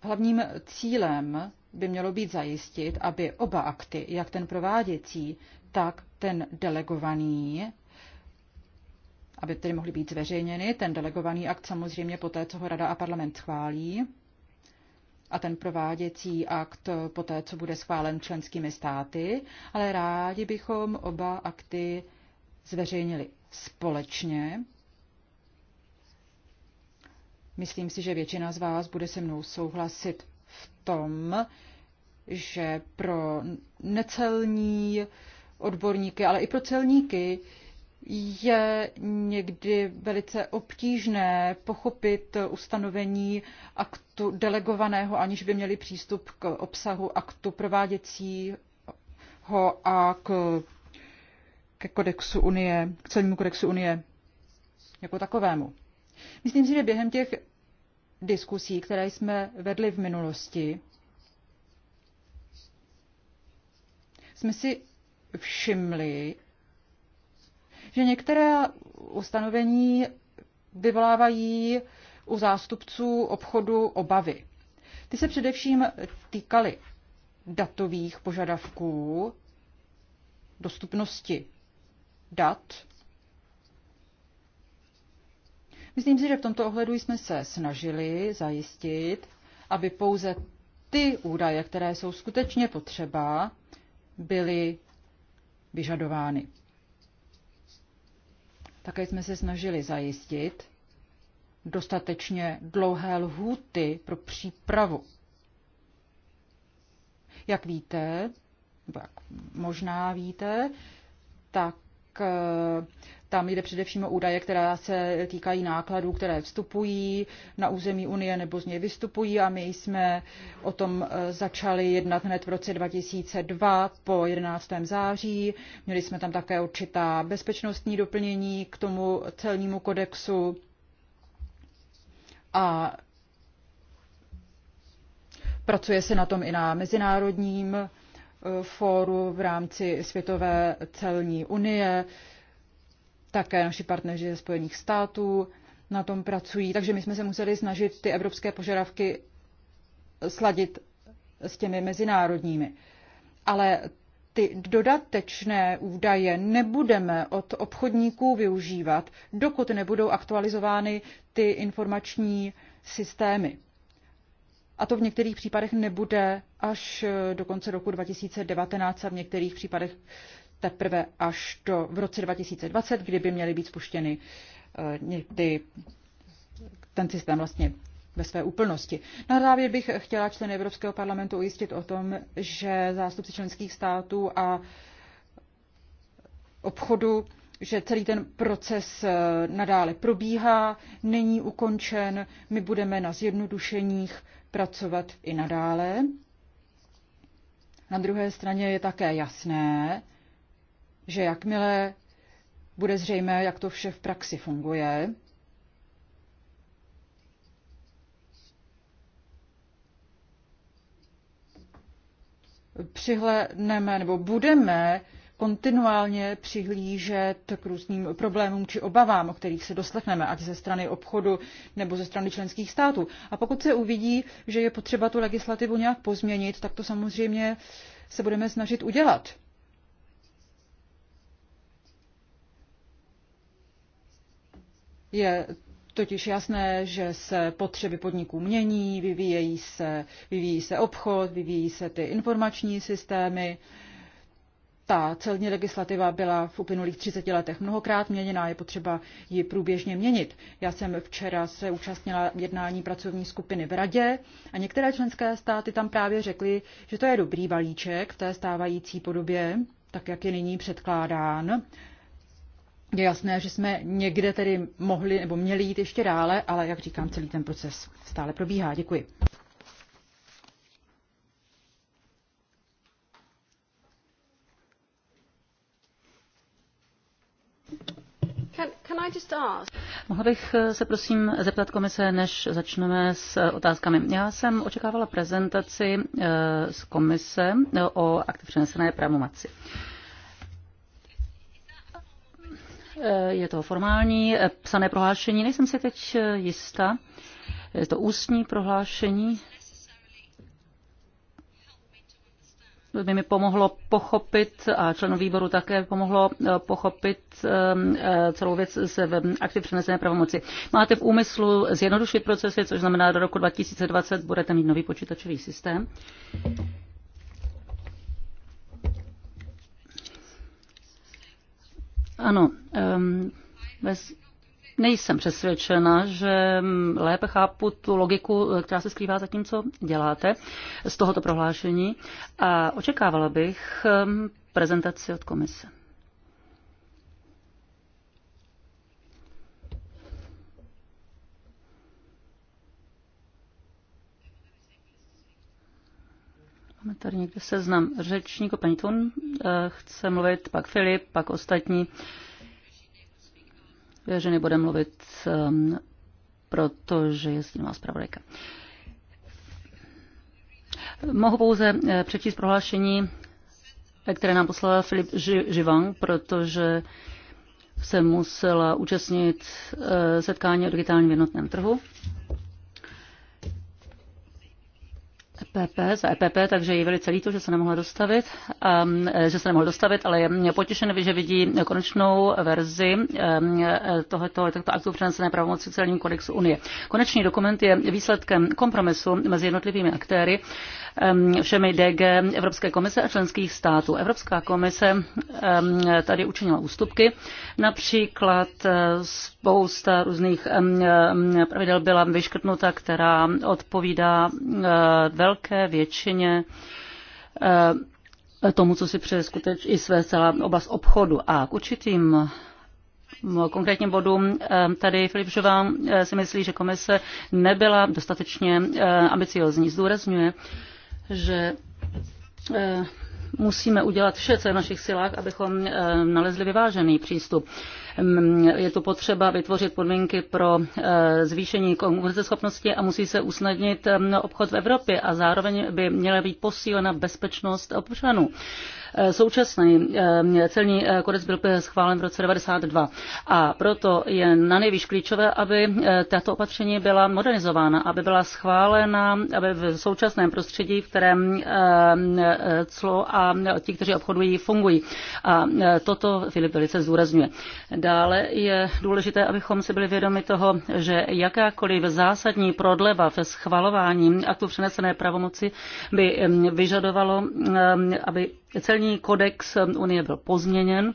hlavním cílem by mělo být zajistit, aby oba akty, jak ten prováděcí, tak ten delegovaný, aby tedy mohly být zveřejněny, ten delegovaný akt samozřejmě poté, co ho Rada a parlament schválí, a ten prováděcí akt poté, co bude schválen členskými státy, ale rádi bychom oba akty zveřejnili společně. Myslím si, že většina z vás bude se mnou souhlasit v tom, že pro necelní odborníky, ale i pro celníky je někdy velice obtížné pochopit ustanovení aktu delegovaného, aniž by měli přístup k obsahu aktu prováděcího a k, ke kodexu Unie, k celnímu kodexu Unie jako takovému. Myslím si, že během těch diskusí, které jsme vedli v minulosti, jsme si všimli, že některé ustanovení vyvolávají u zástupců obchodu obavy. Ty se především týkaly datových požadavků, dostupnosti dat. Myslím si, že v tomto ohledu jsme se snažili zajistit, aby pouze ty údaje, které jsou skutečně potřeba, byly vyžadovány. Také jsme se snažili zajistit dostatečně dlouhé lhůty pro přípravu. Jak víte, jak možná víte, tak tam jde především o údaje, která se týkají nákladů, které vstupují na území Unie nebo z něj vystupují a my jsme o tom eh, začali jednat hned v roce 2002 po 11. září. Měli jsme tam také určitá bezpečnostní doplnění k tomu celnímu kodexu a pracuje se na tom i na mezinárodním eh, fóru v rámci Světové celní unie také naši partneři ze Spojených států na tom pracují, takže my jsme se museli snažit ty evropské požadavky sladit s těmi mezinárodními. Ale ty dodatečné údaje nebudeme od obchodníků využívat, dokud nebudou aktualizovány ty informační systémy. A to v některých případech nebude až do konce roku 2019 a v některých případech teprve až do, v roce 2020, kdy by měly být spuštěny eh, ty, ten systém vlastně ve své úplnosti. Na závěr bych chtěla členy Evropského parlamentu ujistit o tom, že zástupci členských států a obchodu, že celý ten proces eh, nadále probíhá, není ukončen, my budeme na zjednodušeních pracovat i nadále. Na druhé straně je také jasné, že jakmile bude zřejmé, jak to vše v praxi funguje, Přihledneme, nebo budeme kontinuálně přihlížet k různým problémům či obavám, o kterých se doslechneme, ať ze strany obchodu nebo ze strany členských států. A pokud se uvidí, že je potřeba tu legislativu nějak pozměnit, tak to samozřejmě se budeme snažit udělat. Je totiž jasné, že se potřeby podniků mění, vyvíjejí se, vyvíjí se obchod, vyvíjí se ty informační systémy. Ta celní legislativa byla v uplynulých 30 letech mnohokrát měněná, je potřeba ji průběžně měnit. Já jsem včera se účastnila jednání pracovní skupiny v Radě a některé členské státy tam právě řekly, že to je dobrý balíček v té stávající podobě, tak jak je nyní předkládán, je jasné, že jsme někde tedy mohli nebo měli jít ještě dále, ale jak říkám, celý ten proces stále probíhá. Děkuji. Can, can I just ask? Mohla bych eh, se prosím zeptat komise, než začneme s eh, otázkami. Já jsem očekávala prezentaci eh, z komise o aktiv přenesené pravomaci. Eh, je to formální eh, psané prohlášení, nejsem si teď eh, jistá. Je to ústní prohlášení. by mi pomohlo pochopit, a členu výboru také pomohlo pochopit ehm, celou věc se v aktiv přenesené pravomoci. Máte v úmyslu zjednodušit procesy, což znamená, do roku 2020 budete mít nový počítačový systém. Ano, um, bez, nejsem přesvědčena, že lépe chápu tu logiku, eh, která se skrývá za tím, co děláte z tohoto prohlášení a očekávala bych prezentaci od komise. Máme tady někde seznam řečníků. Paní Tun eh, chce mluvit, pak Filip, pak ostatní. Věřiny bude mluvit, ehm, protože je s ním zpravodajka. Mohu pouze eh, přečíst prohlášení, eh, které nám poslal Filip Živang, protože se musela účastnit setkání o digitálním jednotném trhu. PP, za EPP, takže je velice líto, že se nemohla dostavit, um, že se nemohla dostavit, ale je potěšen, že vidí konečnou verzi um, tohoto, tohoto aktu přenesené pravomoci celním kodexu Unie. Konečný dokument je výsledkem kompromisu mezi jednotlivými aktéry všemi DG Evropské komise a členských států. Evropská komise tady učinila ústupky, například eh, spousta různých pravidel byla vyškrtnuta, která odpovídá eh, velké většině eh, tomu, co si přeje skutečně i své celá oblast obchodu. A k určitým konkrétním bodům tady Filip Žová si myslí, že komise nebyla dostatečně ambiciozní. Zdůrazňuje, že eh, musíme udělat vše, co je v našich silách, abychom eh, nalezli vyvážený přístup. Mm, je tu potřeba vytvořit podmínky pro eh, zvýšení konkurenceschopnosti a musí se usnadnit mm, obchod v Evropě a zároveň by měla být posílena bezpečnost občanů. Eh, současný eh, celní eh, kodex byl schválen v roce 92 a proto je na nejvyšší klíčové, aby tato opatření byla modernizována, aby byla schválena aby v současném prostředí, v kterém clo a ti, kteří obchodují, fungují. A toto Filip velice zdůrazňuje. Dále je důležité, abychom si byli vědomi toho, že jakákoliv zásadní prodleva ve schvalování aktu přenesené pravomoci by vyžadovalo, aby Celní kodex eh, Unie byl pozměněn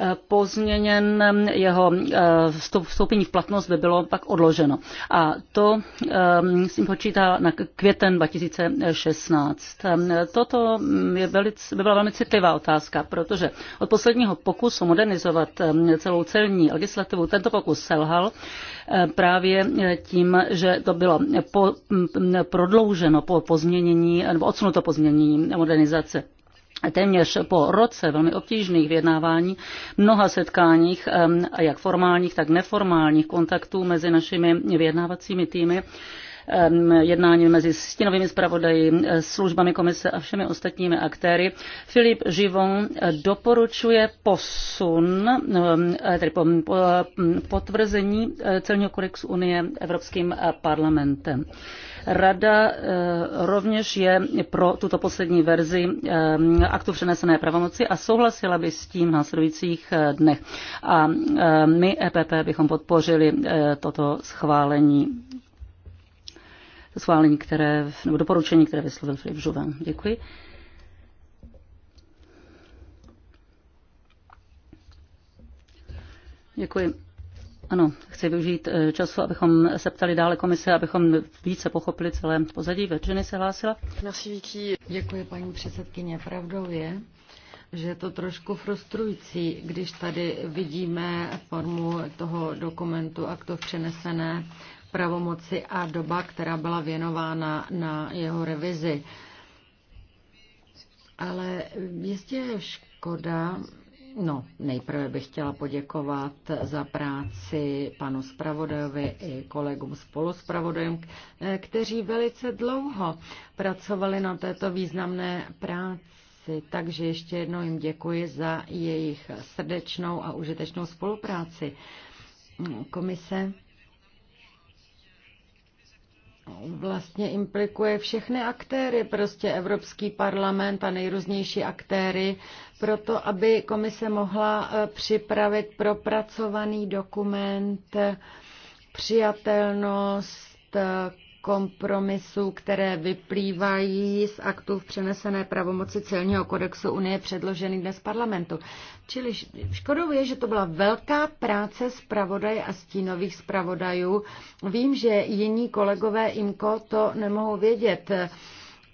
eh, pozměněn eh, jeho vstoupení v platnost by bylo pak odloženo. A to si počítá na květen 2016. Toto mm, je velice, by byla velmi citlivá otázka, protože od posledního pokusu modernizovat celou celní legislativu tento pokus selhal právě tím, že to bylo po, prodlouženo po pozměnění nebo odsunuto pozměnění modernizace téměř po roce velmi obtížných vyjednávání, mnoha setkáních, jak formálních, tak neformálních kontaktů mezi našimi vyjednávacími týmy, jednání mezi stinovými zpravodaji, eh, službami komise a všemi ostatními aktéry. Filip Živon eh, doporučuje posun, eh, tedy potvrzení celního kodexu Unie Evropským parlamentem. Rada rovněž je pro tuto poslední verzi aktu přenesené pravomoci a souhlasila by s tím v následujících dnech. A my EPP bychom podpořili toto schválení schválení, které, nebo doporučení, které vyslovil Filip Žuven. Děkuji. Děkuji. Ano, chci využít eh, času, abychom se ptali dále komise, abychom více pochopili celé pozadí. Virginie se hlásila. Merci, Vicky. Děkuji, paní předsedkyně. Pravdou je, že je to trošku frustrující, když tady vidíme formu toho dokumentu aktu v přenesené pravomoci a doba, která byla věnována na jeho revizi. Ale jistě je škoda, No, nejprve bych chtěla poděkovat za práci panu zpravodajovi i kolegům spoluspravodajům, kteří velice dlouho pracovali na této významné práci. Takže ještě jednou jim děkuji za jejich srdečnou a užitečnou spolupráci. Komise vlastně implikuje všechny aktéry, prostě Evropský parlament a nejrůznější aktéry, proto aby komise mohla eh, připravit propracovaný dokument, eh, přijatelnost, eh, kompromisů, které vyplývají z aktů v přenesené pravomoci celního kodexu Unie předložený dnes parlamentu. Čili škodou je, že to byla velká práce zpravodaje a stínových zpravodajů. Vím, že jiní kolegové IMKO to nemohou vědět.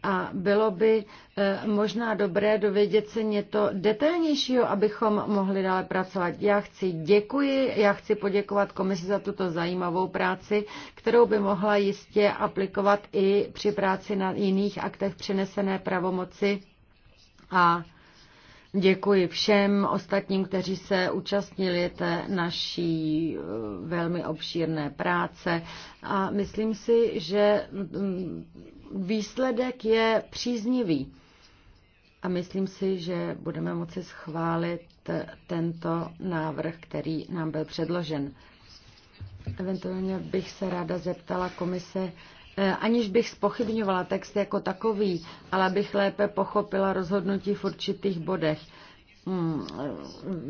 A bylo by eh, možná dobré dovědět se něco detailnějšího, abychom mohli dále pracovat. Já chci děkuji, já chci poděkovat komisi za tuto zajímavou práci, kterou by mohla jistě aplikovat i při práci na jiných aktech přenesené pravomoci. A Děkuji všem ostatním, kteří se účastnili té naší eh, velmi obšírné práce a myslím si, že mm, výsledek je příznivý. A myslím si, že budeme moci schválit tento návrh, který nám byl předložen. Eventuálně bych se ráda zeptala komise, eh, aniž bych spochybňovala text jako takový, ale bych lépe pochopila rozhodnutí v určitých bodech. Mm,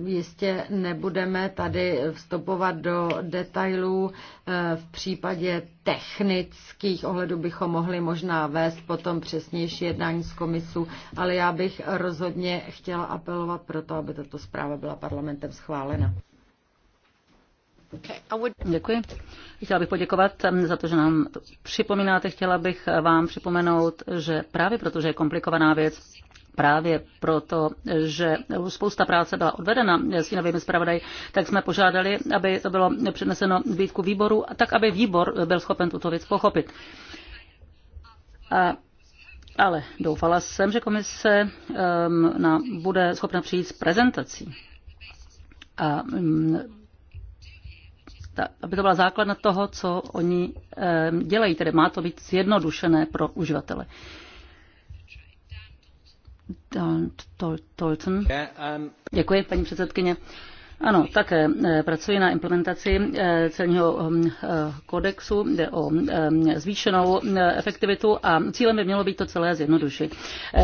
jistě nebudeme tady vstupovat do detailů. Eh, v případě technických ohledů bychom mohli možná vést potom přesnější jednání s komisu, ale já bych rozhodně chtěla apelovat pro to, aby tato zpráva byla parlamentem schválena. Děkuji. Chtěla bych poděkovat mm, za to, že nám to připomínáte. Chtěla bych vám připomenout, že právě protože je komplikovaná věc, právě proto, že spousta práce byla odvedena stínovými zpravodaj, tak jsme požádali, aby to bylo předneseno výtku výboru, tak aby výbor byl schopen tuto věc pochopit. A ale doufala jsem, že komise um, na, bude schopna přijít s prezentací. A, um, ta, aby to byla základna toho, co oni um, dělají, tedy má to být zjednodušené pro uživatele. Uh, Dalton. Um, Děkuji, paní předsedkyně. Ano, také eh, pracuji na implementaci eh, celního hm, eh, kodexu, jde o hm, zvýšenou efektivitu a cílem by mělo být to celé zjednodušit.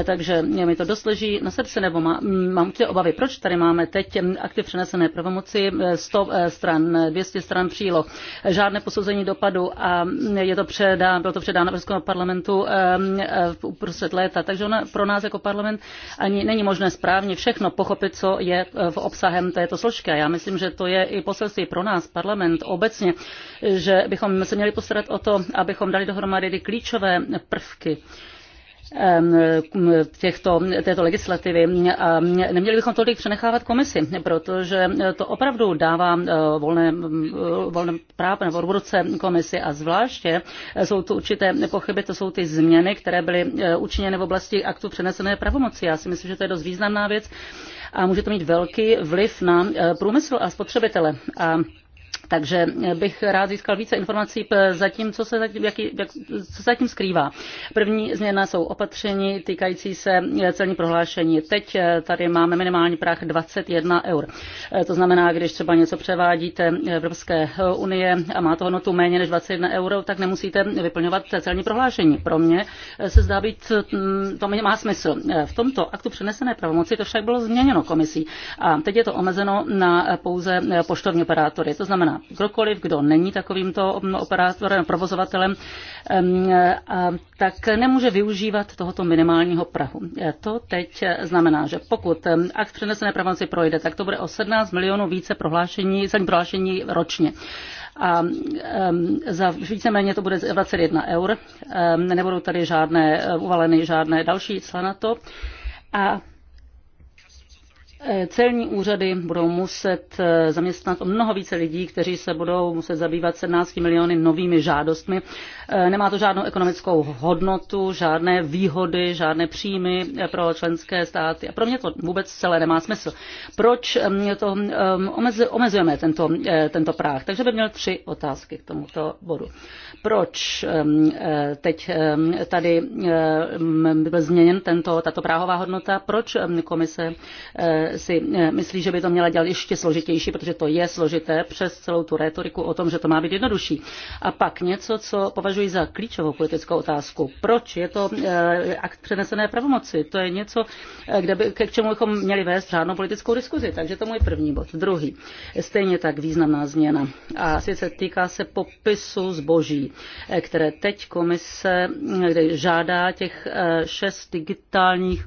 Takže mi to dost leží na srdce, nebo má, hm, mám tě obavy, proč tady máme teď aktiv přenesené pravomoci, 100 stran, 200 stran příloh, žádné posouzení dopadu a je to předá, bylo to předáno Evropskému parlamentu v uprostřed léta. Takže ona, pro nás jako parlament ani není možné správně všechno pochopit, co je v obsahem této složky těžké. Já myslím, že to je i poselství pro nás, parlament obecně, že bychom se měli postarat o to, abychom dali dohromady ty klíčové prvky těchto, této legislativy. A neměli bychom tolik přenechávat komisi, protože to opravdu dává eh, volné, eh, volné právo nebo v ruce komisi a zvláště jsou tu určité pochyby, to jsou ty změny, které byly eh, učiněny v oblasti aktu přenesené pravomoci. Já si myslím, že to je dost významná věc a může to mít velký vliv na eh, průmysl a spotřebitele. A takže bych rád získal více informací za tím, co se zatím, jaký, jak, co se zatím skrývá. První změna jsou opatření týkající se eh, celní prohlášení. Teď eh, tady máme minimální prach 21 eur. Eh, to znamená, když třeba něco převádíte Evropské unie a má to hodnotu méně než 21 euro, tak nemusíte vyplňovat celní prohlášení. Pro mě se zdá být, mm, to má smysl. V tomto aktu přenesené pravomoci to však bylo změněno komisí a teď je to omezeno na pouze poštovní operátory. To znamená, kdokoliv, kdo není takovýmto operátorem, provozovatelem, tak nemůže využívat tohoto minimálního prahu. E, to teď znamená, že pokud akt přenesené pravomoci projde, tak to bude o 17 milionů více prohlášení, prohlášení ročně a um, za víceméně to bude 21 eur. Um, nebudou tady žádné e, uvaleny žádné další cla na to. A Celní úřady budou muset eh, zaměstnat o mnoho více lidí, kteří se budou muset zabývat 17 miliony novými žádostmi. Eh, nemá to žádnou ekonomickou hodnotu, žádné výhody, žádné příjmy eh, pro členské státy. A pro mě to vůbec celé nemá smysl. Proč to omezujeme tento, tento práh? Takže bych měl tři otázky k tomuto bodu. Proč ehm, teď ehm, tady byl změněn tento, tato práhová hodnota? Proč ehm, komise si eh, myslí, že by to měla dělat ještě složitější, protože to je složité přes celou tu rétoriku o tom, že to má být jednodušší. A pak něco, co považuji za klíčovou politickou otázku. Proč je to eh, akt přenesené pravomoci? To je něco, eh, kde by, k čemu bychom měli vést řádnou politickou diskuzi. Takže to je můj první bod. Druhý, stejně tak významná změna. A sice týká se popisu zboží, které teď komise kde žádá těch šest digitálních,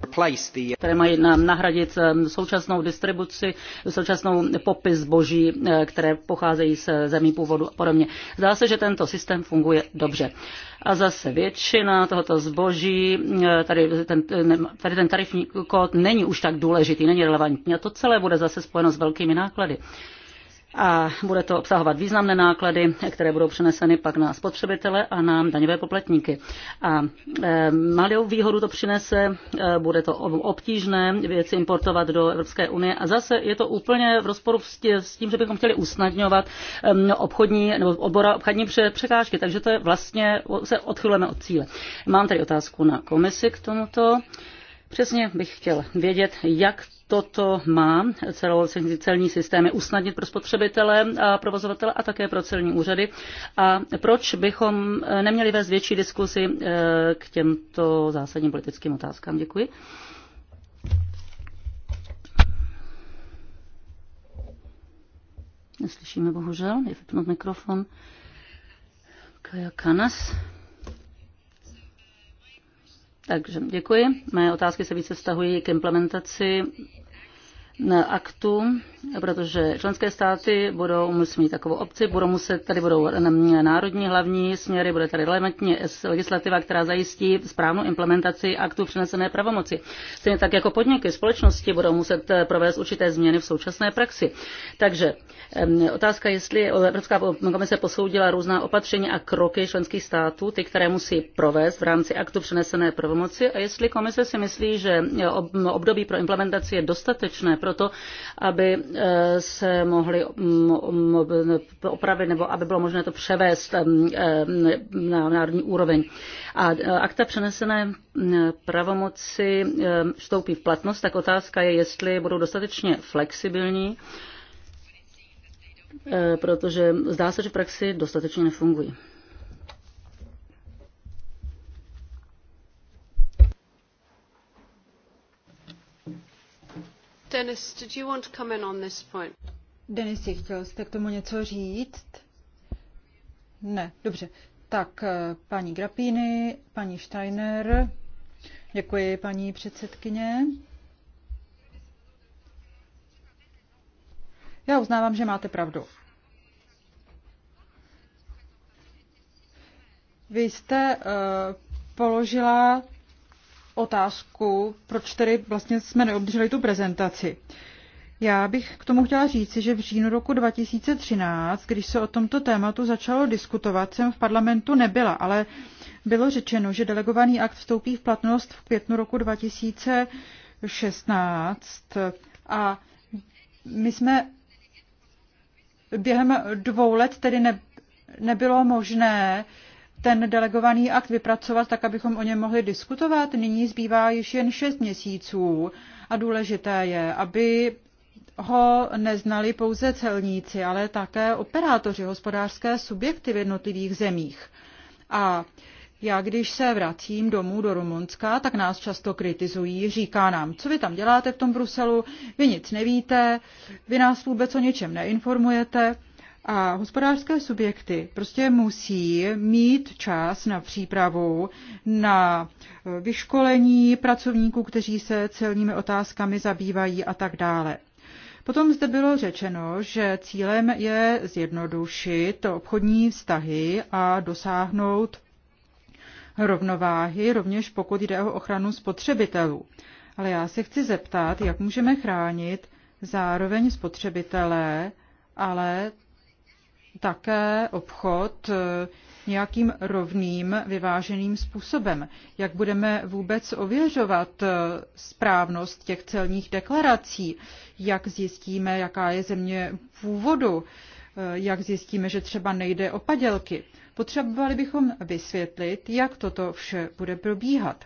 které mají nám nahradit současné současnou distribuci, současnou popis zboží, eh, které pocházejí z zemí původu a podobně. Zdá se, že tento systém funguje dobře. A zase většina tohoto zboží, eh, tady ten, tady ten tarifní kód není už tak důležitý, není relevantní. A to celé bude zase spojeno s velkými náklady a bude to obsahovat významné náklady, které budou přeneseny pak na spotřebitele a na daňové poplatníky. A e, malou výhodu to přinese, e, bude to obtížné věci importovat do Evropské unie a zase je to úplně v rozporu s tím, že bychom chtěli usnadňovat e, obchodní nebo obora obchodní překážky, takže to je vlastně, se odchylujeme od cíle. Mám tady otázku na komisi k tomuto. E, Přesně bych chtěl vědět, jak toto má celní systémy usnadnit pro spotřebitele a provozovatele a také pro celní úřady. A proč bychom eh, neměli vést větší diskusi eh, k těmto zásadním politickým otázkám? Děkuji. Neslyšíme bohužel, je vypnout mikrofon. Kaja Kanas. Takže děkuji. Mé otázky se více vztahují k implementaci aktu, protože členské státy budou muset mít takovou obci, budou muset, tady budou národní hlavní směry, bude tady relevantní legislativa, která zajistí správnou implementaci aktu přenesené pravomoci. Stejně tak jako podniky, společnosti budou muset eh, provést určité změny v současné praxi. Takže otázka, jestli Evropská komise posoudila různá opatření a kroky členských států, ty, které musí provést v rámci aktu přenesené pravomoci, a jestli komise si myslí, že eh, období pro implementaci je dostatečné pro proto, aby eh, se mohly mm, mm, opravit nebo aby bylo možné to převést mm, eh, na národní úroveň. A eh, akta přenesené pravomoci vstoupí v platnost, tak otázka je, jestli budou dostatečně flexibilní, protože zdá se, že v praxi dostatečně nefungují. Dennis, did you want to come in on this point? chtěl jste k tomu něco říct? Ne, dobře. Tak eh, paní Grapíny, paní Steiner. Děkuji, paní předsedkyně. Já uznávám, že máte pravdu. Vy jste uh, položila otázku, proč tedy vlastně jsme neobdrželi tu prezentaci. Já bych k tomu chtěla říci, že v říjnu roku 2013, když se o tomto tématu začalo diskutovat, jsem v parlamentu nebyla, ale bylo řečeno, že delegovaný akt vstoupí v platnost v květnu roku 2016 a my jsme během dvou let tedy ne, nebylo možné uh, ten delegovaný akt vypracovat tak, abychom o něm mohli diskutovat. Nyní zbývá již jen šest měsíců a důležité je, aby ho neznali pouze celníci, ale také operátoři, hospodářské subjekty v jednotlivých zemích. A já, když se vracím domů do Rumunska, tak nás často kritizují, říká nám, co vy tam děláte v tom Bruselu, vy nic nevíte, vy nás vůbec o něčem neinformujete. A hospodářské subjekty prostě musí mít čas na přípravu, na eh, vyškolení pracovníků, kteří se celními otázkami zabývají a tak dále. Potom zde bylo řečeno, že cílem je zjednodušit obchodní vztahy a dosáhnout rovnováhy, rovněž pokud jde o ochranu spotřebitelů. Ale já se chci zeptat, jak můžeme chránit zároveň spotřebitele, ale také obchod eh, nějakým rovným, vyváženým způsobem. Jak budeme vůbec ověřovat eh, správnost těch celních deklarací? Jak zjistíme, jaká je země původu? Eh, jak zjistíme, že třeba nejde o padělky? Potřebovali bychom vysvětlit, jak toto vše bude probíhat.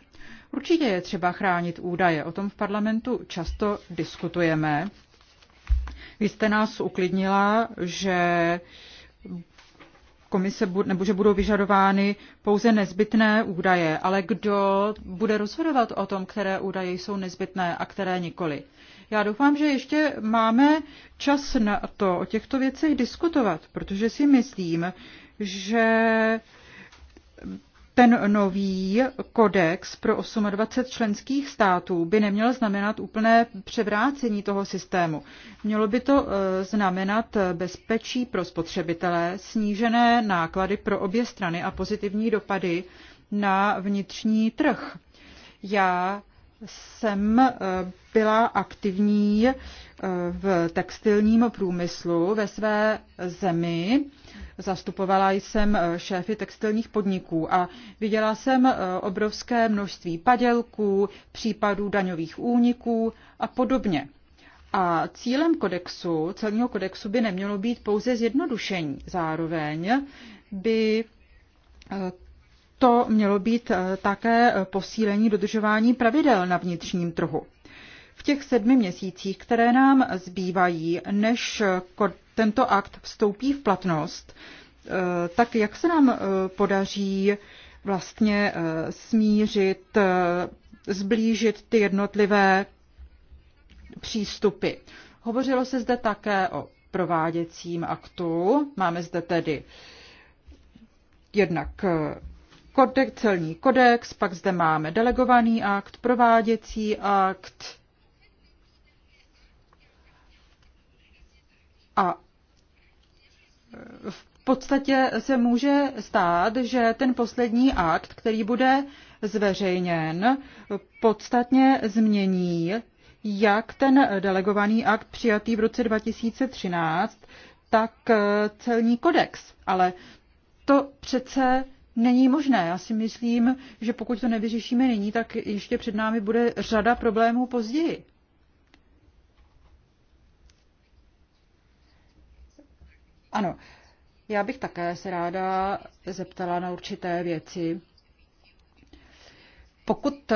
Určitě je třeba chránit údaje, o tom v parlamentu často diskutujeme. Vy jste nás uklidnila, že komise nebo že budou vyžadovány pouze nezbytné údaje, ale kdo bude rozhodovat o tom, které údaje jsou nezbytné a které nikoli. Já doufám, že ještě máme čas na to o těchto věcech diskutovat, protože si myslím, že ten nový kodex pro 28 členských států by neměl znamenat úplné převrácení toho systému. Mělo by to eh, znamenat bezpečí pro spotřebitele, snížené náklady pro obě strany a pozitivní dopady na vnitřní trh. Já jsem eh, byla aktivní eh, v textilním průmyslu ve své zemi. Zastupovala jsem eh, šéfy textilních podniků a viděla jsem obrovské množství padělků, případů daňových úniků a podobně. A cílem kodexu, celního kodexu by nemělo být pouze zjednodušení. Zároveň by to mělo být eh, také eh, posílení dodržování pravidel na vnitřním trhu. V těch sedmi měsících, které nám zbývají, než eh, tento akt vstoupí v platnost, tak jak se nám podaří vlastně smířit, zblížit ty jednotlivé přístupy. Hovořilo se zde také o prováděcím aktu. Máme zde tedy jednak kodex, celní kodex, pak zde máme delegovaný akt, prováděcí akt a eh, v podstatě se může stát, že ten poslední akt, který bude zveřejněn, podstatně změní jak ten delegovaný akt přijatý v roce 2013, tak eh, celní kodex. Ale to přece není možné. Já si myslím, že pokud to nevyřešíme nyní, tak ještě před námi bude řada problémů později. Ano, já bych také se ráda zeptala na určité věci. Pokud eh,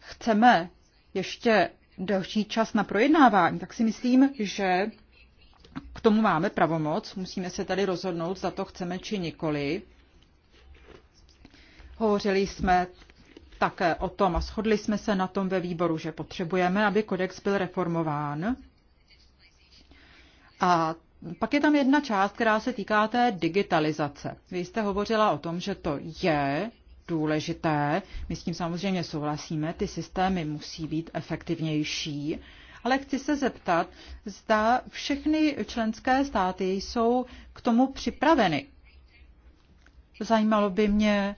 chceme ještě delší čas na projednávání, tak si myslím, že k tomu máme pravomoc. Musíme se tady rozhodnout, za to chceme či nikoli. Hovořili jsme také o tom a shodli jsme se na tom ve výboru, že potřebujeme, aby kodex byl reformován. A pak je tam jedna část, která se týká té digitalizace. Vy jste hovořila o tom, že to je důležité. My s tím samozřejmě souhlasíme, ty systémy musí být efektivnější. Ale chci se zeptat, zda všechny členské státy jsou k tomu připraveny. Zajímalo by mě,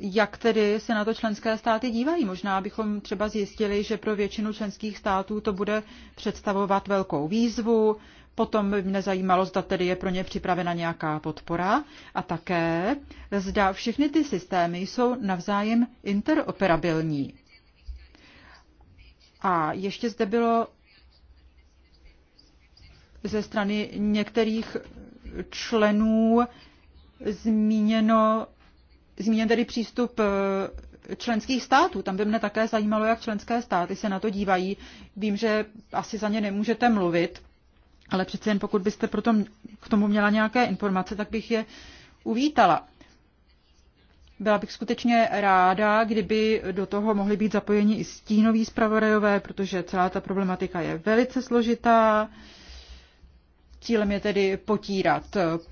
jak tedy se na to členské státy dívají. Možná bychom třeba zjistili, že pro většinu členských států to bude představovat velkou výzvu, potom by mě zajímalo, zda tedy je pro ně připravena nějaká podpora a také zda všechny ty systémy jsou navzájem interoperabilní. A ještě zde bylo ze strany některých členů zmíněno zmíněn tedy přístup eh, členských států. Tam by mne také zajímalo, jak členské státy se na to dívají. Vím, že asi za ně nemůžete mluvit, ale přece jen pokud byste proto k tomu měla nějaké informace, tak bych je uvítala. Byla bych skutečně ráda, kdyby do toho mohli být zapojeni i stínoví zpravodajové, protože celá ta problematika je velice složitá. Cílem je tedy potírat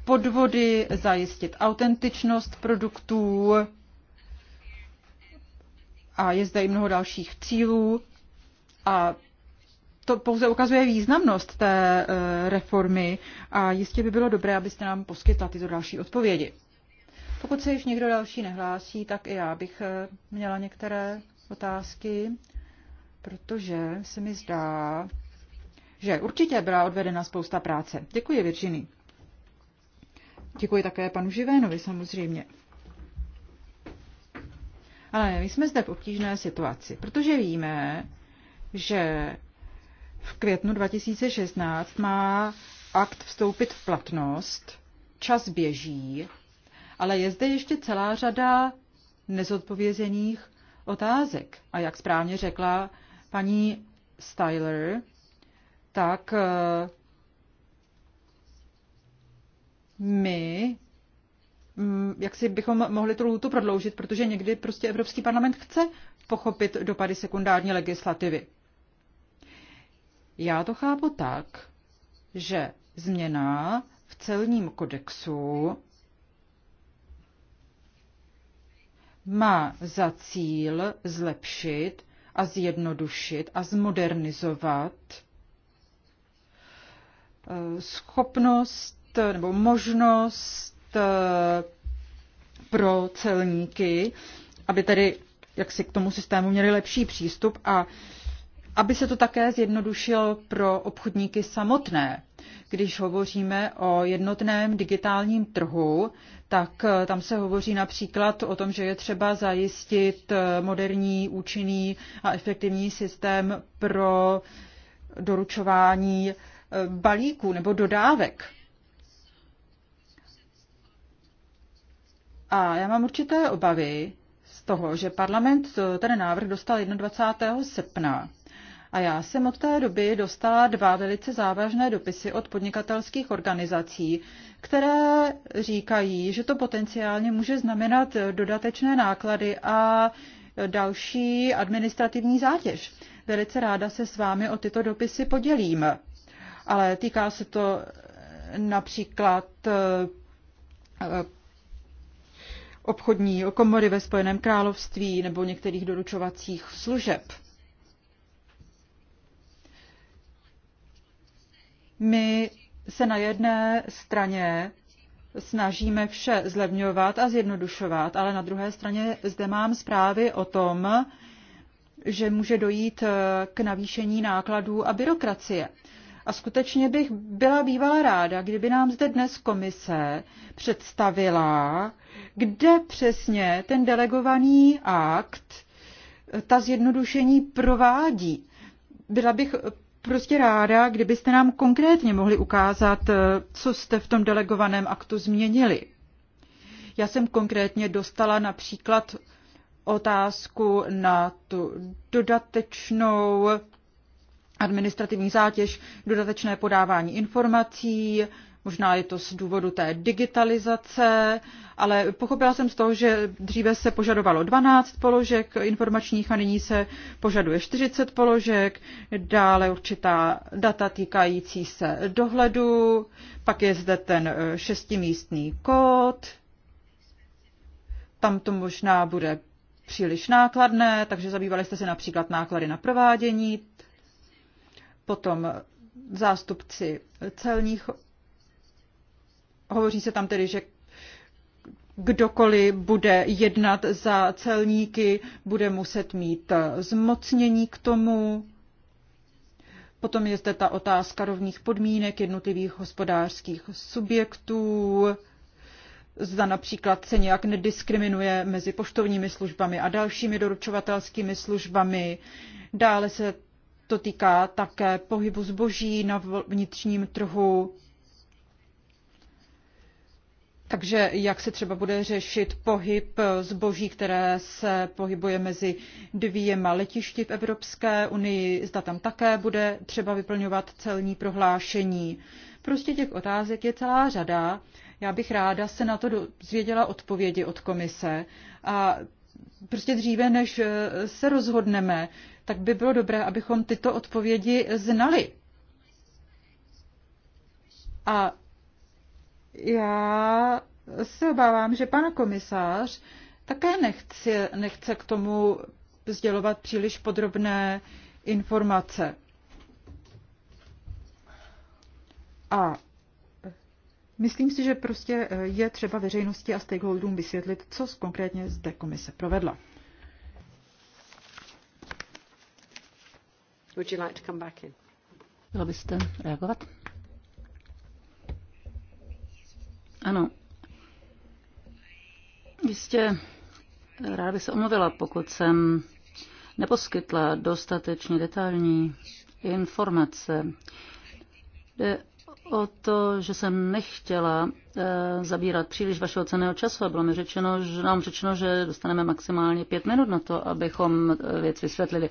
podvody, zajistit autentičnost produktů a je zde i mnoho dalších cílů. A to pouze ukazuje významnost té e, reformy a jistě by bylo dobré, abyste nám poskytla tyto další odpovědi. Pokud se již někdo další nehlásí, tak i já bych e, měla některé otázky, protože se mi zdá, že určitě byla odvedena spousta práce. Děkuji, většiny. Děkuji také panu Živénovi samozřejmě. Ale my jsme zde v obtížné situaci, protože víme, že v květnu 2016 má akt vstoupit v platnost, čas běží, ale je zde ještě celá řada nezodpovězených otázek. A jak správně řekla paní Styler, tak eh, my mm, jak si bychom mohli tu lůtu prodloužit, protože někdy prostě Evropský parlament chce pochopit dopady sekundární legislativy. Já to chápu tak, že změna v celním kodexu má za cíl zlepšit a zjednodušit a zmodernizovat schopnost nebo možnost eh, pro celníky, aby tedy jak si k tomu systému měli lepší přístup a aby se to také zjednodušilo pro obchodníky samotné. Když hovoříme o jednotném digitálním trhu, tak eh, tam se hovoří například o tom, že je třeba zajistit eh, moderní, účinný a efektivní systém pro doručování balíků nebo dodávek. A já mám určité obavy z toho, že parlament ten návrh dostal 21. srpna. A já jsem od té doby dostala dva velice závažné dopisy od podnikatelských organizací, které říkají, že to potenciálně může znamenat dodatečné náklady a další administrativní zátěž. Velice ráda se s vámi o tyto dopisy podělím ale týká se to eh, například eh, eh, obchodní komory ve Spojeném království nebo některých doručovacích služeb. My se na jedné straně snažíme vše zlevňovat a zjednodušovat, ale na druhé straně zde mám zprávy o tom, že může dojít k navýšení nákladů a byrokracie. A skutečně bych byla bývala ráda, kdyby nám zde dnes komise představila, kde přesně ten delegovaný akt eh, ta zjednodušení provádí. Byla bych eh, prostě ráda, kdybyste nám konkrétně mohli ukázat, eh, co jste v tom delegovaném aktu změnili. Já jsem konkrétně dostala například otázku na tu dodatečnou administrativní zátěž, dodatečné podávání informací, možná je to z důvodu té digitalizace, ale pochopila jsem z toho, že dříve se požadovalo 12 položek informačních a nyní se požaduje 40 položek, dále určitá data týkající se dohledu, pak je zde ten eh, šestimístný kód, tam to možná bude příliš nákladné, takže zabývali jste se například náklady na provádění Potom zástupci celních. Hovoří se tam tedy, že kdokoliv bude jednat za celníky, bude muset mít zmocnění k tomu. Potom je zde ta otázka rovných podmínek jednotlivých hospodářských subjektů. Zda například se nějak nediskriminuje mezi poštovními službami a dalšími doručovatelskými službami. Dále se to týká také pohybu zboží na vnitřním trhu. Takže jak se třeba bude řešit pohyb zboží, které se pohybuje mezi dvěma letišti v Evropské unii, zda tam také bude třeba vyplňovat celní prohlášení. Prostě těch otázek je celá řada. Já bych ráda se na to dozvěděla odpovědi od komise a prostě dříve, než eh, se rozhodneme, tak by bylo dobré, abychom tyto odpovědi znali. A já se obávám, že pan komisář také nechce, nechce k tomu sdělovat příliš podrobné informace. A myslím si, že prostě je třeba veřejnosti a stakeholderům vysvětlit, co konkrétně zde komise provedla. Would you like to come back in? Měla byste reagovat? Ano. Jistě ráda bych se omluvila, pokud jsem neposkytla dostatečně detailní informace. Jde o to, že jsem nechtěla e, zabírat příliš vašeho ceného času a bylo mi řečeno, že nám řečeno, že dostaneme maximálně pět minut na to, abychom eh, věc vysvětlili. E,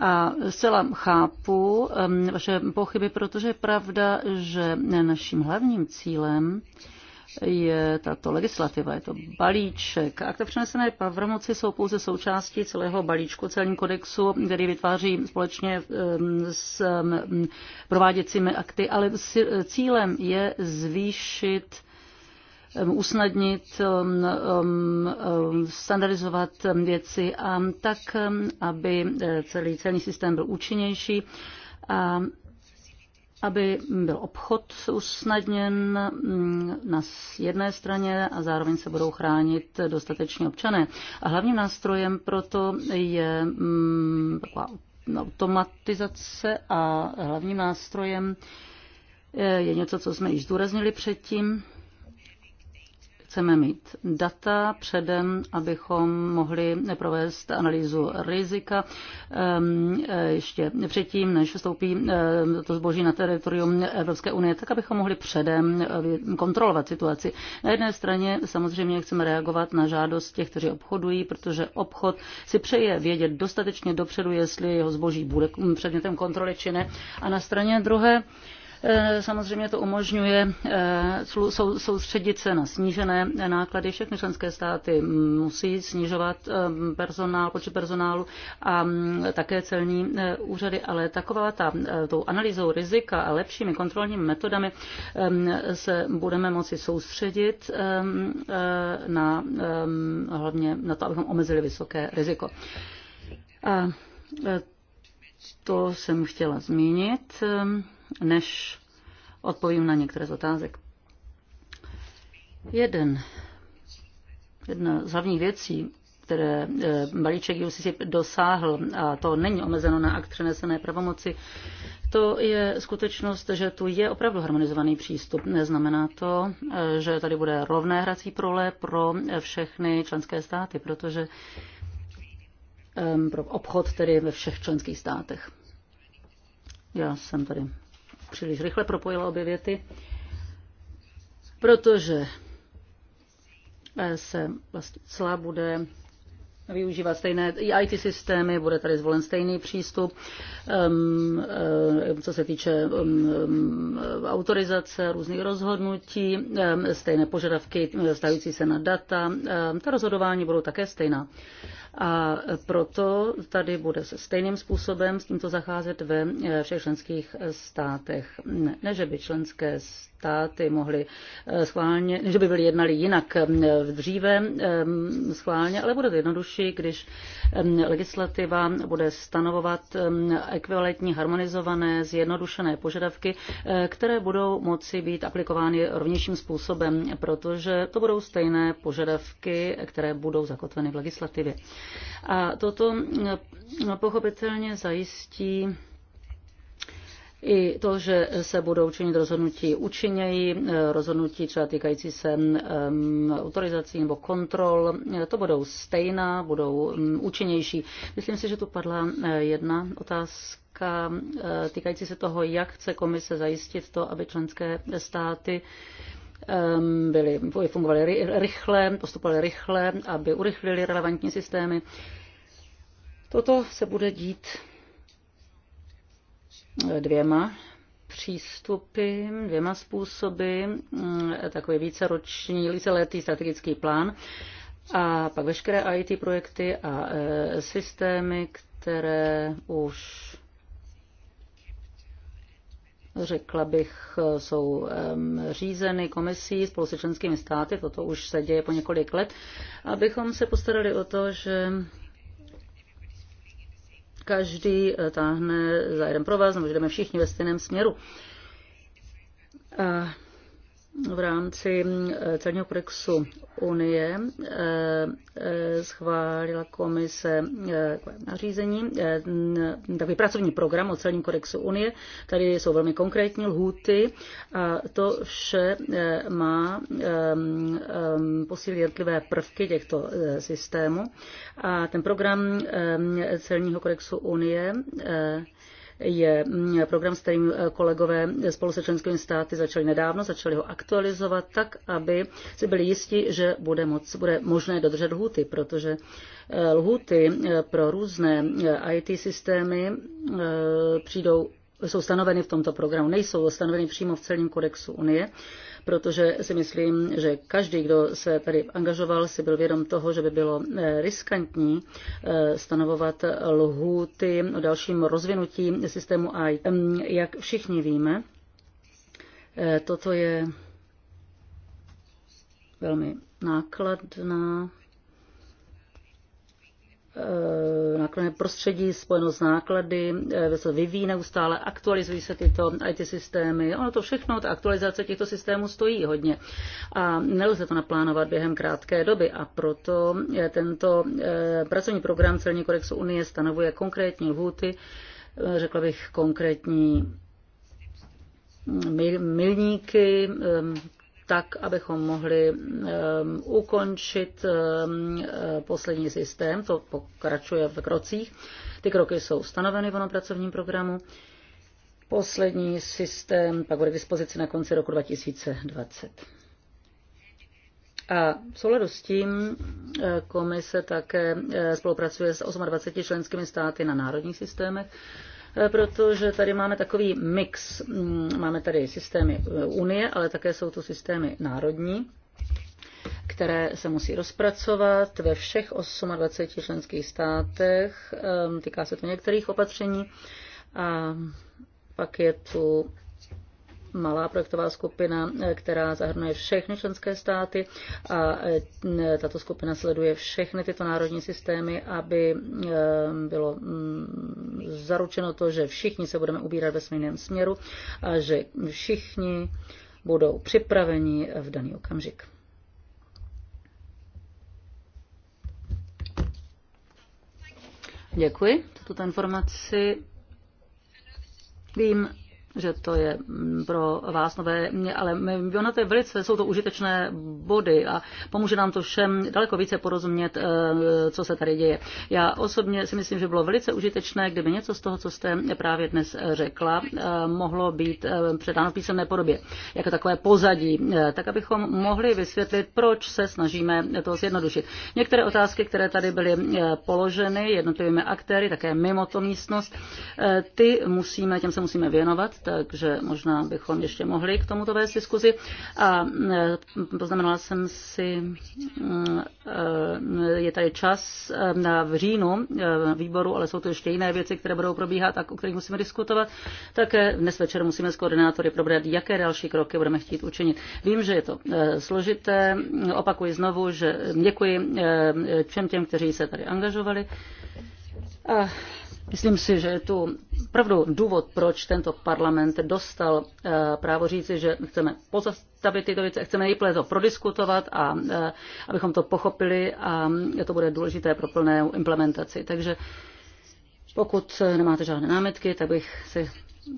a zcela chápu um, vaše pochyby, protože je pravda, že naším hlavním cílem je tato legislativa, je to balíček. Akta přenesené pravomoci jsou pouze součástí celého balíčku celní kodexu, který vytváří společně um, s um, prováděcími akty, ale cílem je zvýšit Um, usnadnit, um, um, standardizovat věci a tak, aby eh, celý celý systém byl účinnější a aby byl obchod usnadněn mm, na jedné straně a zároveň se budou chránit dostatečně občané. A hlavním nástrojem proto je mm, taková automatizace a hlavním nástrojem eh, je něco, co jsme již zdůraznili předtím, chceme mít data předem, abychom mohli provést analýzu rizika ehm, ještě předtím, než vstoupí ehm, to zboží na teritorium Evropské unie, tak abychom mohli předem eh, kontrolovat situaci. Na jedné straně samozřejmě chceme reagovat na žádost těch, kteří obchodují, protože obchod si přeje vědět dostatečně dopředu, jestli jeho zboží bude předmětem kontroly či ne. A na straně druhé, Eh, samozřejmě to umožňuje eh, soustředit se na snížené náklady. Všechny členské státy musí snižovat eh, personál, počet personálu a mm, také celní úřady, ale taková ta, tou analýzou rizika a lepšími kontrolními metodami ehm, se budeme moci soustředit ehm, na, ehm, hlavně na to, abychom omezili vysoké riziko. A to jsem chtěla zmínit než odpovím na některé z otázek. Jeden, jedna z hlavních věcí, které eh, balíček UCC dosáhl, a to není omezeno na akt přenesené pravomoci, to je skutečnost, že tu je opravdu harmonizovaný přístup. Neznamená to, eh, že tady bude rovné hrací prole pro všechny členské státy, protože eh, pro obchod tedy ve všech členských státech. Já jsem tady příliš rychle propojila obě věty, protože eh, se vlastně celá bude využívat stejné IT systémy, bude tady zvolen stejný přístup, um, um, co se týče um, autorizace různých rozhodnutí, um, stejné požadavky stavící se na data, um, ta rozhodování budou také stejná. A proto tady bude se stejným způsobem s tímto zacházet ve všech členských státech. Ne, že by členské státy mohly eh, schválně, že by byly jednali jinak eh, dříve eh, schválně, ale bude to jednodušší, když legislativa bude stanovovat ekvivalentní harmonizované, zjednodušené požadavky, které budou moci být aplikovány rovnějším způsobem, protože to budou stejné požadavky, které budou zakotveny v legislativě. A toto mm, pochopitelně zajistí i to, že se budou činit rozhodnutí účinněji, e, rozhodnutí třeba týkající se mm, autorizací nebo kontrol, e, to budou stejná, budou mm, účinnější. Myslím si, že tu padla e, jedna otázka týkající se toho, jak chce komise zajistit to, aby členské státy Ehm, byly, fungovaly rychle, postupovaly rychle, aby urychlili relevantní systémy. Toto se bude dít eh, dvěma přístupy, dvěma způsoby, mm, takový víceroční, víceletý strategický plán a pak veškeré IT projekty a eh, systémy, které už řekla bych, jsou řízeny komisí spolu se členskými státy, toto už se děje po několik let, abychom se postarali o to, že každý eh, táhne za jeden vás, nebo že jdeme všichni ve stejném směru. A v rámci eh, celního kodexu Unie eh, eh, schválila komise nařízení, takový pracovní program o celním kodexu Unie. Tady jsou velmi konkrétní lhůty a to vše má ehm, ehm, posílit jednotlivé prvky těchto systémů. A ten program ehm, celního kodexu Unie je mm, program, s kterým eh, kolegové spolu se členskými státy začali nedávno, začali ho aktualizovat tak, aby si byli jisti, že bude, moc, bude možné dodržet lhuty, protože eh, lhuty eh, pro různé IT systémy přijdou jsou stanoveny v tomto programu, nejsou stanoveny přímo v celním kodexu Unie protože si myslím, že každý, kdo se tady angažoval, si byl vědom toho, že by bylo eh, riskantní eh, stanovovat lhůty o dalším rozvinutí systému AI. Jak všichni víme, eh, toto je velmi nákladná Eh, nákladné prostředí spojeno s náklady, eh, se vyvíjí neustále, aktualizují se tyto IT systémy. Ono to všechno, ta aktualizace těchto systémů stojí hodně a nelze to naplánovat během krátké doby a proto eh, tento pracovní program Celní kodexu Unie stanovuje konkrétní lhůty, řekla bych konkrétní mm, milníky, tak abychom mohli ehm, ukončit ehm, eh, poslední systém, to pokračuje v krocích. Ty kroky jsou stanoveny v onom pracovním programu. Poslední systém pak bude k dispozici na konci roku 2020. A v souladu s tím eh, komise také eh, spolupracuje s 28 členskými státy na národních systémech Eh, protože tady máme takový mix. Mm, máme tady systémy eh, Unie, ale také jsou to systémy národní které se musí rozpracovat ve všech 28 členských státech. Ehm, týká se to některých opatření. A pak je tu malá projektová skupina, eh, která zahrnuje všechny členské státy a eh, tato skupina sleduje všechny tyto národní systémy, aby eh, bylo mm, zaručeno to, že všichni se budeme ubírat ve stejném směru a že všichni budou připraveni v daný okamžik. Děkuji tuto informaci. Vím, že to je pro vás nové, ale ono to je velice, jsou to užitečné body a pomůže nám to všem daleko více porozumět, eh, co se tady děje. Já osobně si myslím, že bylo velice užitečné, kdyby něco z toho, co jste právě dnes eh, řekla, eh, mohlo být předáno v písemné podobě, jako takové pozadí, tak abychom mohli vysvětlit, proč se snažíme to zjednodušit. Některé otázky, které tady byly položeny jednotlivými aktéry, také mimo to místnost, ty musíme, těm se musíme věnovat takže možná bychom ještě mohli k tomuto vést diskuzi. A e, poznamenala jsem si, e, e, je tady čas na v říjnu výboru, ale jsou tu ještě jiné věci, které budou probíhat a o kterých musíme diskutovat. Také dnes večer musíme s koordinátory probrat, jaké další kroky budeme chtít učinit. Vím, že je to složité. Opakuji znovu, že děkuji všem těm, kteří se tady angažovali. Uh... Myslím si, že je tu pravdou důvod, proč tento parlament dostal eh, právo říci, že chceme pozastavit tyto věci, chceme nejprve to prodiskutovat a eh, abychom to pochopili a to bude důležité pro plnou implementaci. Takže pokud nemáte žádné námitky, tak bych si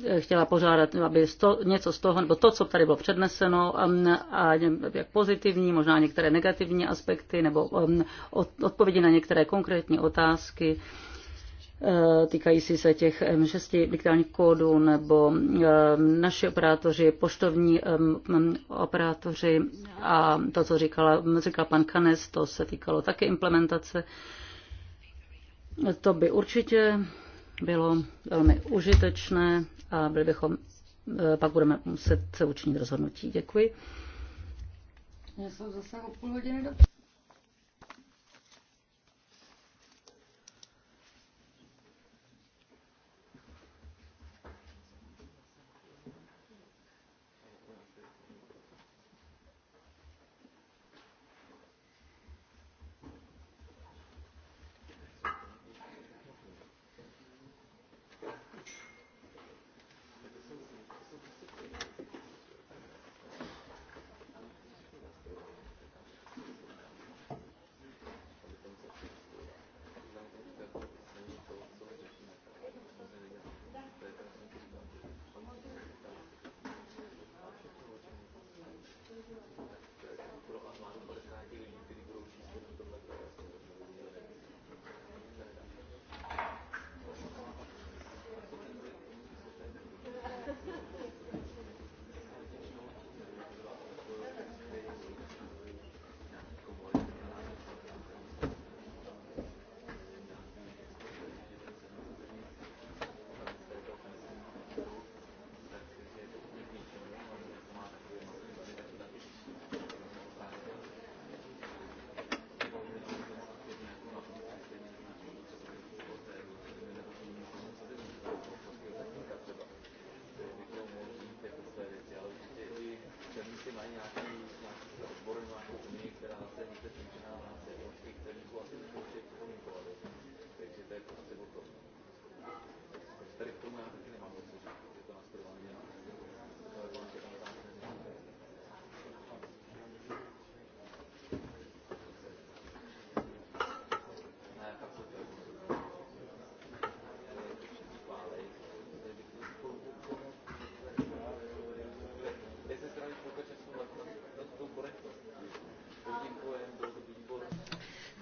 eh, chtěla požádat, aby sto, něco z toho, nebo to, co tady bylo předneseno, a, a jak pozitivní, možná některé negativní aspekty, nebo um, od, odpovědi na některé konkrétní otázky, Eh, týkající se těch M6 digitálních kódů nebo naši operátoři, poštovní operátoři a to, co říkala, říkal pan Kanes, to se týkalo také implementace. To by určitě bylo velmi užitečné a byli bychom, eh, pak budeme muset se učinit rozhodnutí. Děkuji. Já jsem zase o půl hodiny do...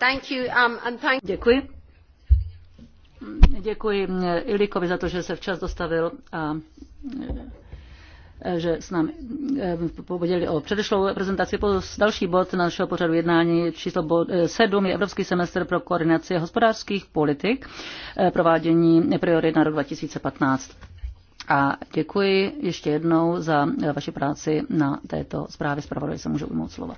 Um, děkuji. Děkuji mm, Ilikovi za to, že se včas dostavil a e, že s námi e, podělili o předešlou prezentaci. Po další bod našeho pořadu jednání číslo bod 7 e, je Evropský semestr pro koordinaci hospodářských politik, provádění priorit na rok 2015. A děkuji ještě jednou za vaši práci na této zprávě. Zpravodaj se může ujmout slova.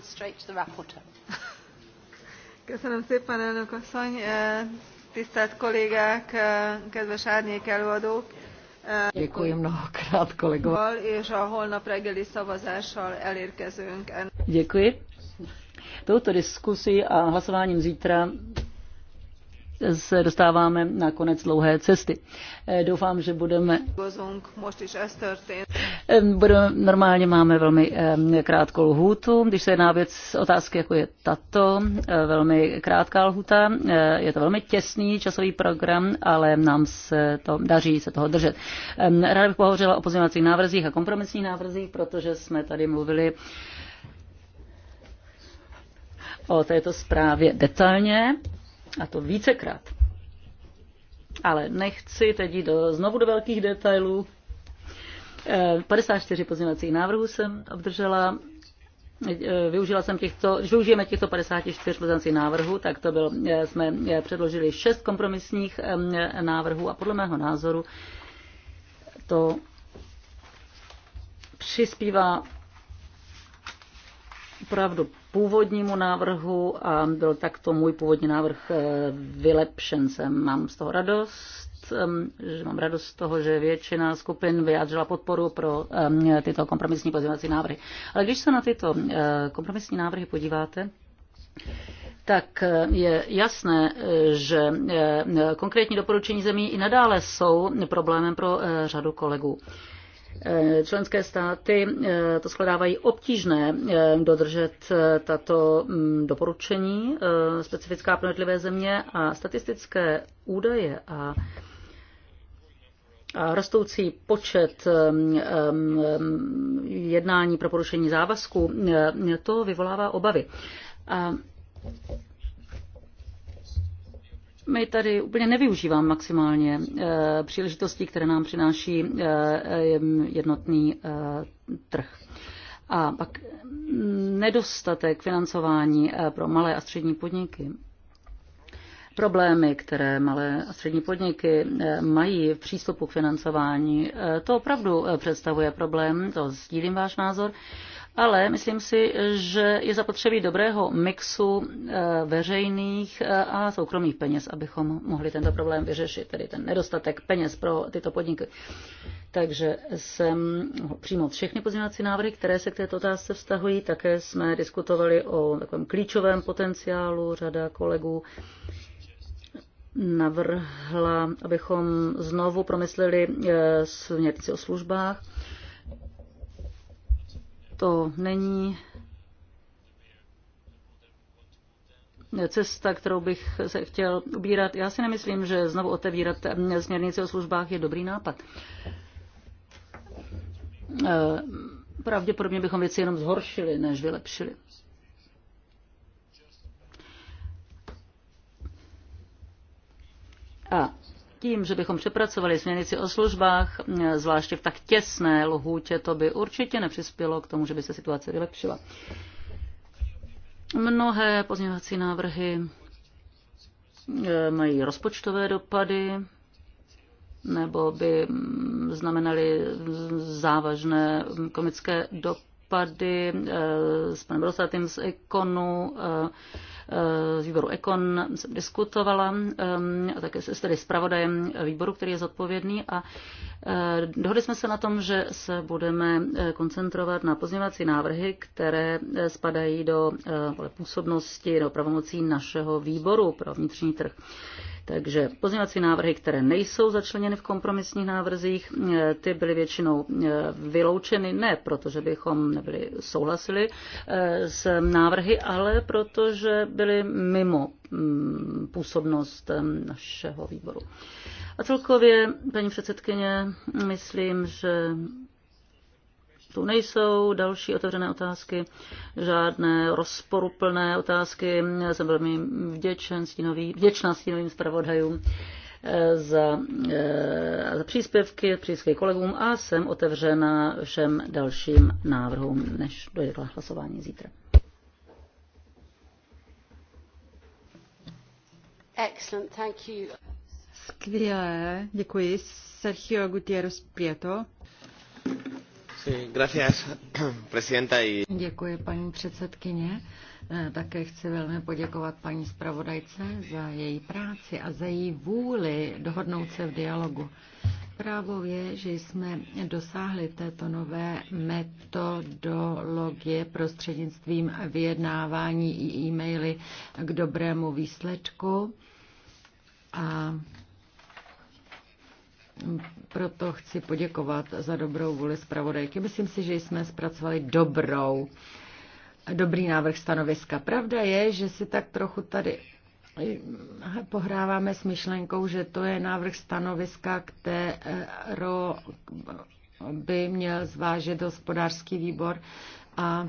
hand straight to the rapporteur. Köszönöm szépen, elnök asszony, eh, tisztelt kollégák, eh, kedves árnyék előadók. Eh, Děkuji mnohokrát, kolegové. És a holnap reggeli szavazással elérkezünk. Děkuji. Touto diskusí a hlasováním zítra se dostáváme na konec dlouhé cesty. Doufám, že budeme Budu, normálně máme velmi krátkou lhůtu, když se jedná věc otázky, jako je tato, e, velmi krátká lhůta, e, je to velmi těsný časový program, ale nám se to daří se toho držet. Ráda bych pohovořila o pozměňovacích návrzích a kompromisních návrzích, protože jsme tady mluvili o této zprávě detailně a to vícekrát. Ale nechci teď jít do, znovu do velkých detailů, 54 pozměňovacích návrhů jsem obdržela. Využila jsem těchto, když využijeme těchto 54 pozměňovacích návrhů, tak to byl, jsme předložili šest kompromisních návrhů a podle mého názoru to přispívá opravdu původnímu návrhu a byl takto můj původní návrh eh, vylepšen. Jsem, mám z toho radost Um, že mám radost z toho, že většina skupin vyjádřila podporu pro um, tyto kompromisní pozměňovací návrhy. Ale když se na tyto uh, kompromisní návrhy podíváte, tak uh, je jasné, uh, že konkrétní doporučení zemí i nadále jsou problémem pro řadu kolegů. Členské státy to shledávají obtížné dodržet tato um, doporučení specifická pro země a statistické údaje a rostoucí počet jednání pro porušení závazku, to vyvolává obavy. my tady úplně nevyužíváme maximálně eh, příležitosti, které nám přináší eh, jednotný eh, trh. A pak nedostatek financování pro malé a střední podniky problémy, které malé a střední podniky eh, mají v přístupu k financování, eh, to opravdu eh, představuje problém, to sdílím váš názor, ale myslím si, že je zapotřebí dobrého mixu veřejných a soukromých peněz, abychom mohli tento problém vyřešit, tedy ten nedostatek peněz pro tyto podniky. Takže jsem přímo všechny pozměňovací návrhy, které se k této otázce vztahují. Také jsme diskutovali o takovém klíčovém potenciálu řada kolegů navrhla, abychom znovu promysleli eh, směrnici o službách. To není cesta, kterou bych se chtěl ubírat. Já si nemyslím, že znovu otevírat eh, směrnici o službách je dobrý nápad. Eh, pravděpodobně bychom věci jenom zhoršili, než vylepšili. A tím, že bychom přepracovali směrnici o službách, zvláště v tak těsné lhůtě, to by určitě nepřispělo k tomu, že by se situace vylepšila. Mnohé pozměňovací návrhy e, mají rozpočtové dopady nebo by mm, znamenaly závažné komické dopady e, s panem Rosatým z Ekonu e, z výboru Ekon jsem diskutovala a také se tedy zpravodajem výboru, který je zodpovědný a eh, dohodli jsme se na tom, že se budeme eh, koncentrovat na pozměvací návrhy, které eh, spadají do působnosti, do pravomocí našeho výboru pro vnitřní trh. Takže pozměňovací návrhy, které nejsou začleněny v kompromisních návrzích, eh, ty byly většinou eh, vyloučeny, ne proto, že bychom nebyli souhlasili eh, s návrhy, ale protože byly mimo mm, působnost našeho výboru. A celkově, paní předsedkyně, myslím, že tu nejsou další otevřené otázky, žádné rozporuplné otázky. Jsem velmi vděčen stínový, vděčná stínovým zpravodajům eh, za, eh, za příspěvky, příspěvky kolegům a jsem otevřena všem dalším návrhům, než dojde k hlasování zítra. Excellent, thank you. Skvělé, děkuji. Sergio Gutierrez Prieto paní předsedkyně. Eh, také chci velmi poděkovat paní zpravodajce za její práci a za její vůli dohodnout se v dialogu. Právou je, že jsme dosáhli této nové metodologie prostřednictvím vyjednávání i e-maily k dobrému výsledku. A proto chci poděkovat za dobrou vůli zpravodajky. Myslím si, že jsme zpracovali dobrou, dobrý návrh stanoviska. Pravda je, že si tak trochu tady eh, pohráváme s myšlenkou, že to je návrh stanoviska, které by měl zvážit hospodářský výbor a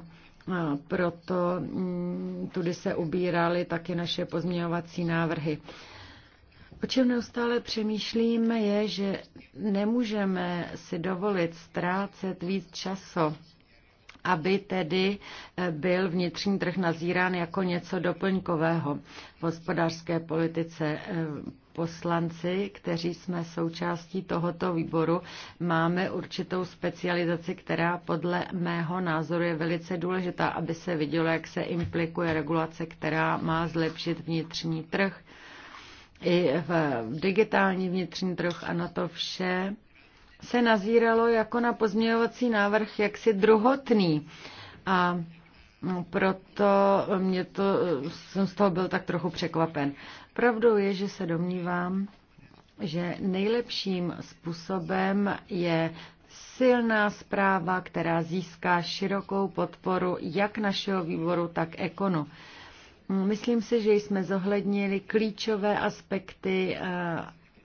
proto mm, tudy se ubíraly taky naše pozměňovací návrhy. O čem neustále přemýšlíme je, že nemůžeme si dovolit ztrácet víc času aby tedy eh, byl vnitřní trh nazírán jako něco doplňkového v hospodářské politice. Eh, poslanci, kteří jsme součástí tohoto výboru, máme určitou specializaci, která podle mého názoru je velice důležitá, aby se vidělo, jak se implikuje regulace, která má zlepšit vnitřní trh i v digitální vnitřní trh a na to vše se nazíralo jako na pozměňovací návrh jaksi druhotný. A proto mě to, jsem z toho byl tak trochu překvapen. Pravdou je, že se domnívám, že nejlepším způsobem je silná zpráva, která získá širokou podporu jak našeho výboru, tak ekonu. Myslím si, že jsme zohlednili klíčové aspekty eh,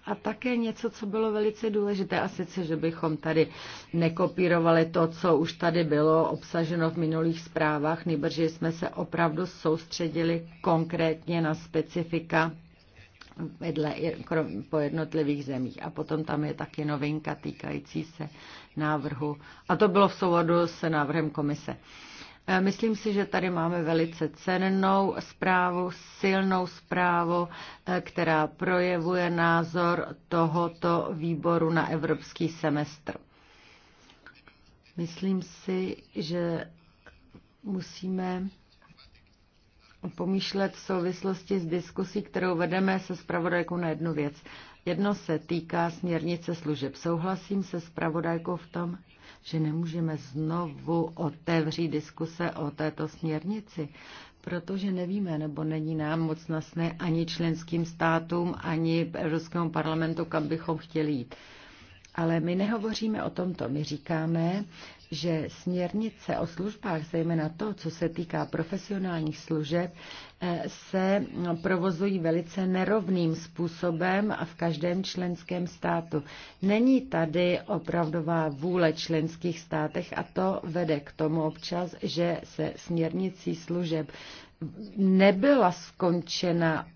a také něco, co bylo velice důležité, a sice, že bychom tady nekopírovali to, co už tady bylo obsaženo v minulých zprávách, nebo že jsme se opravdu soustředili konkrétně na specifika vedle, po jednotlivých zemích. A potom tam je taky novinka týkající se návrhu. A to bylo v souvodu s návrhem komise. Uh, Eh, myslím si, že tady máme velice cennou zprávu, silnou zprávu, eh, která projevuje názor tohoto výboru na evropský semestr. Myslím si, že musíme pomýšlet v souvislosti s diskusí, kterou vedeme se spravodajkou na jednu věc. Jedno se týká směrnice služeb. Souhlasím se spravodajkou v tom, že nemůžeme znovu otevřít diskuse o této směrnici, protože nevíme, nebo není nám moc nasné ani členským státům, ani Evropskému parlamentu, kam bychom chtěli jít. Ale my nehovoříme o tomto, my říkáme, že směrnice o službách, zejména to, co se týká profesionálních služeb, eh, se provozují velice nerovným způsobem a v každém členském státu. Není tady opravdová vůle členských státech a to vede k tomu občas, že se směrnicí služeb nebyla skončena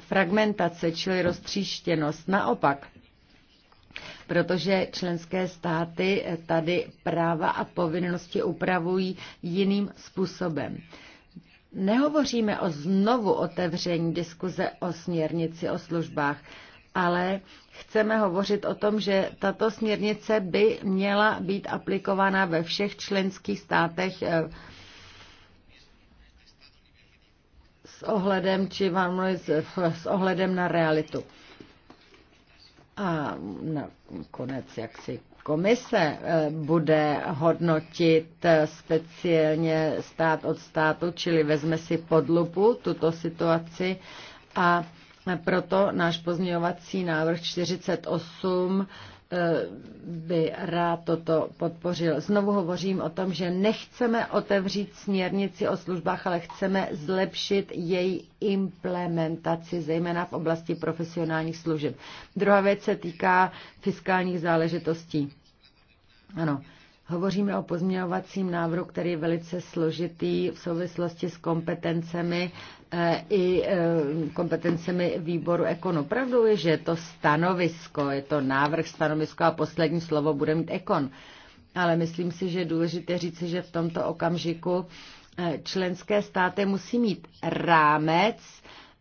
fragmentace, čili roztříštěnost. Naopak, protože členské státy tady práva a povinnosti upravují jiným způsobem. Nehovoříme o znovu otevření diskuze o směrnici o službách, ale chceme hovořit o tom, že tato směrnice by měla být aplikována ve všech členských státech eh, s ohledem, či vám s ohledem na realitu. A nakonec, jak si komise eh, bude hodnotit eh, speciálně stát od státu, čili vezme si pod lupu tuto situaci a proto náš pozměňovací návrh 48 by rád toto podpořil. Znovu hovořím o tom, že nechceme otevřít směrnici o službách, ale chceme zlepšit její implementaci, zejména v oblasti profesionálních služeb. Druhá věc se týká fiskálních záležitostí. Ano, hovoříme o pozměňovacím návrhu, který je velice složitý v souvislosti s kompetencemi E, i e, kompetencemi výboru ekon opravdu je, že je to stanovisko, je to návrh stanovisko a poslední slovo bude mít Ekon. Ale myslím si, že je důležité říci, že v tomto okamžiku e, členské státy musí mít rámec,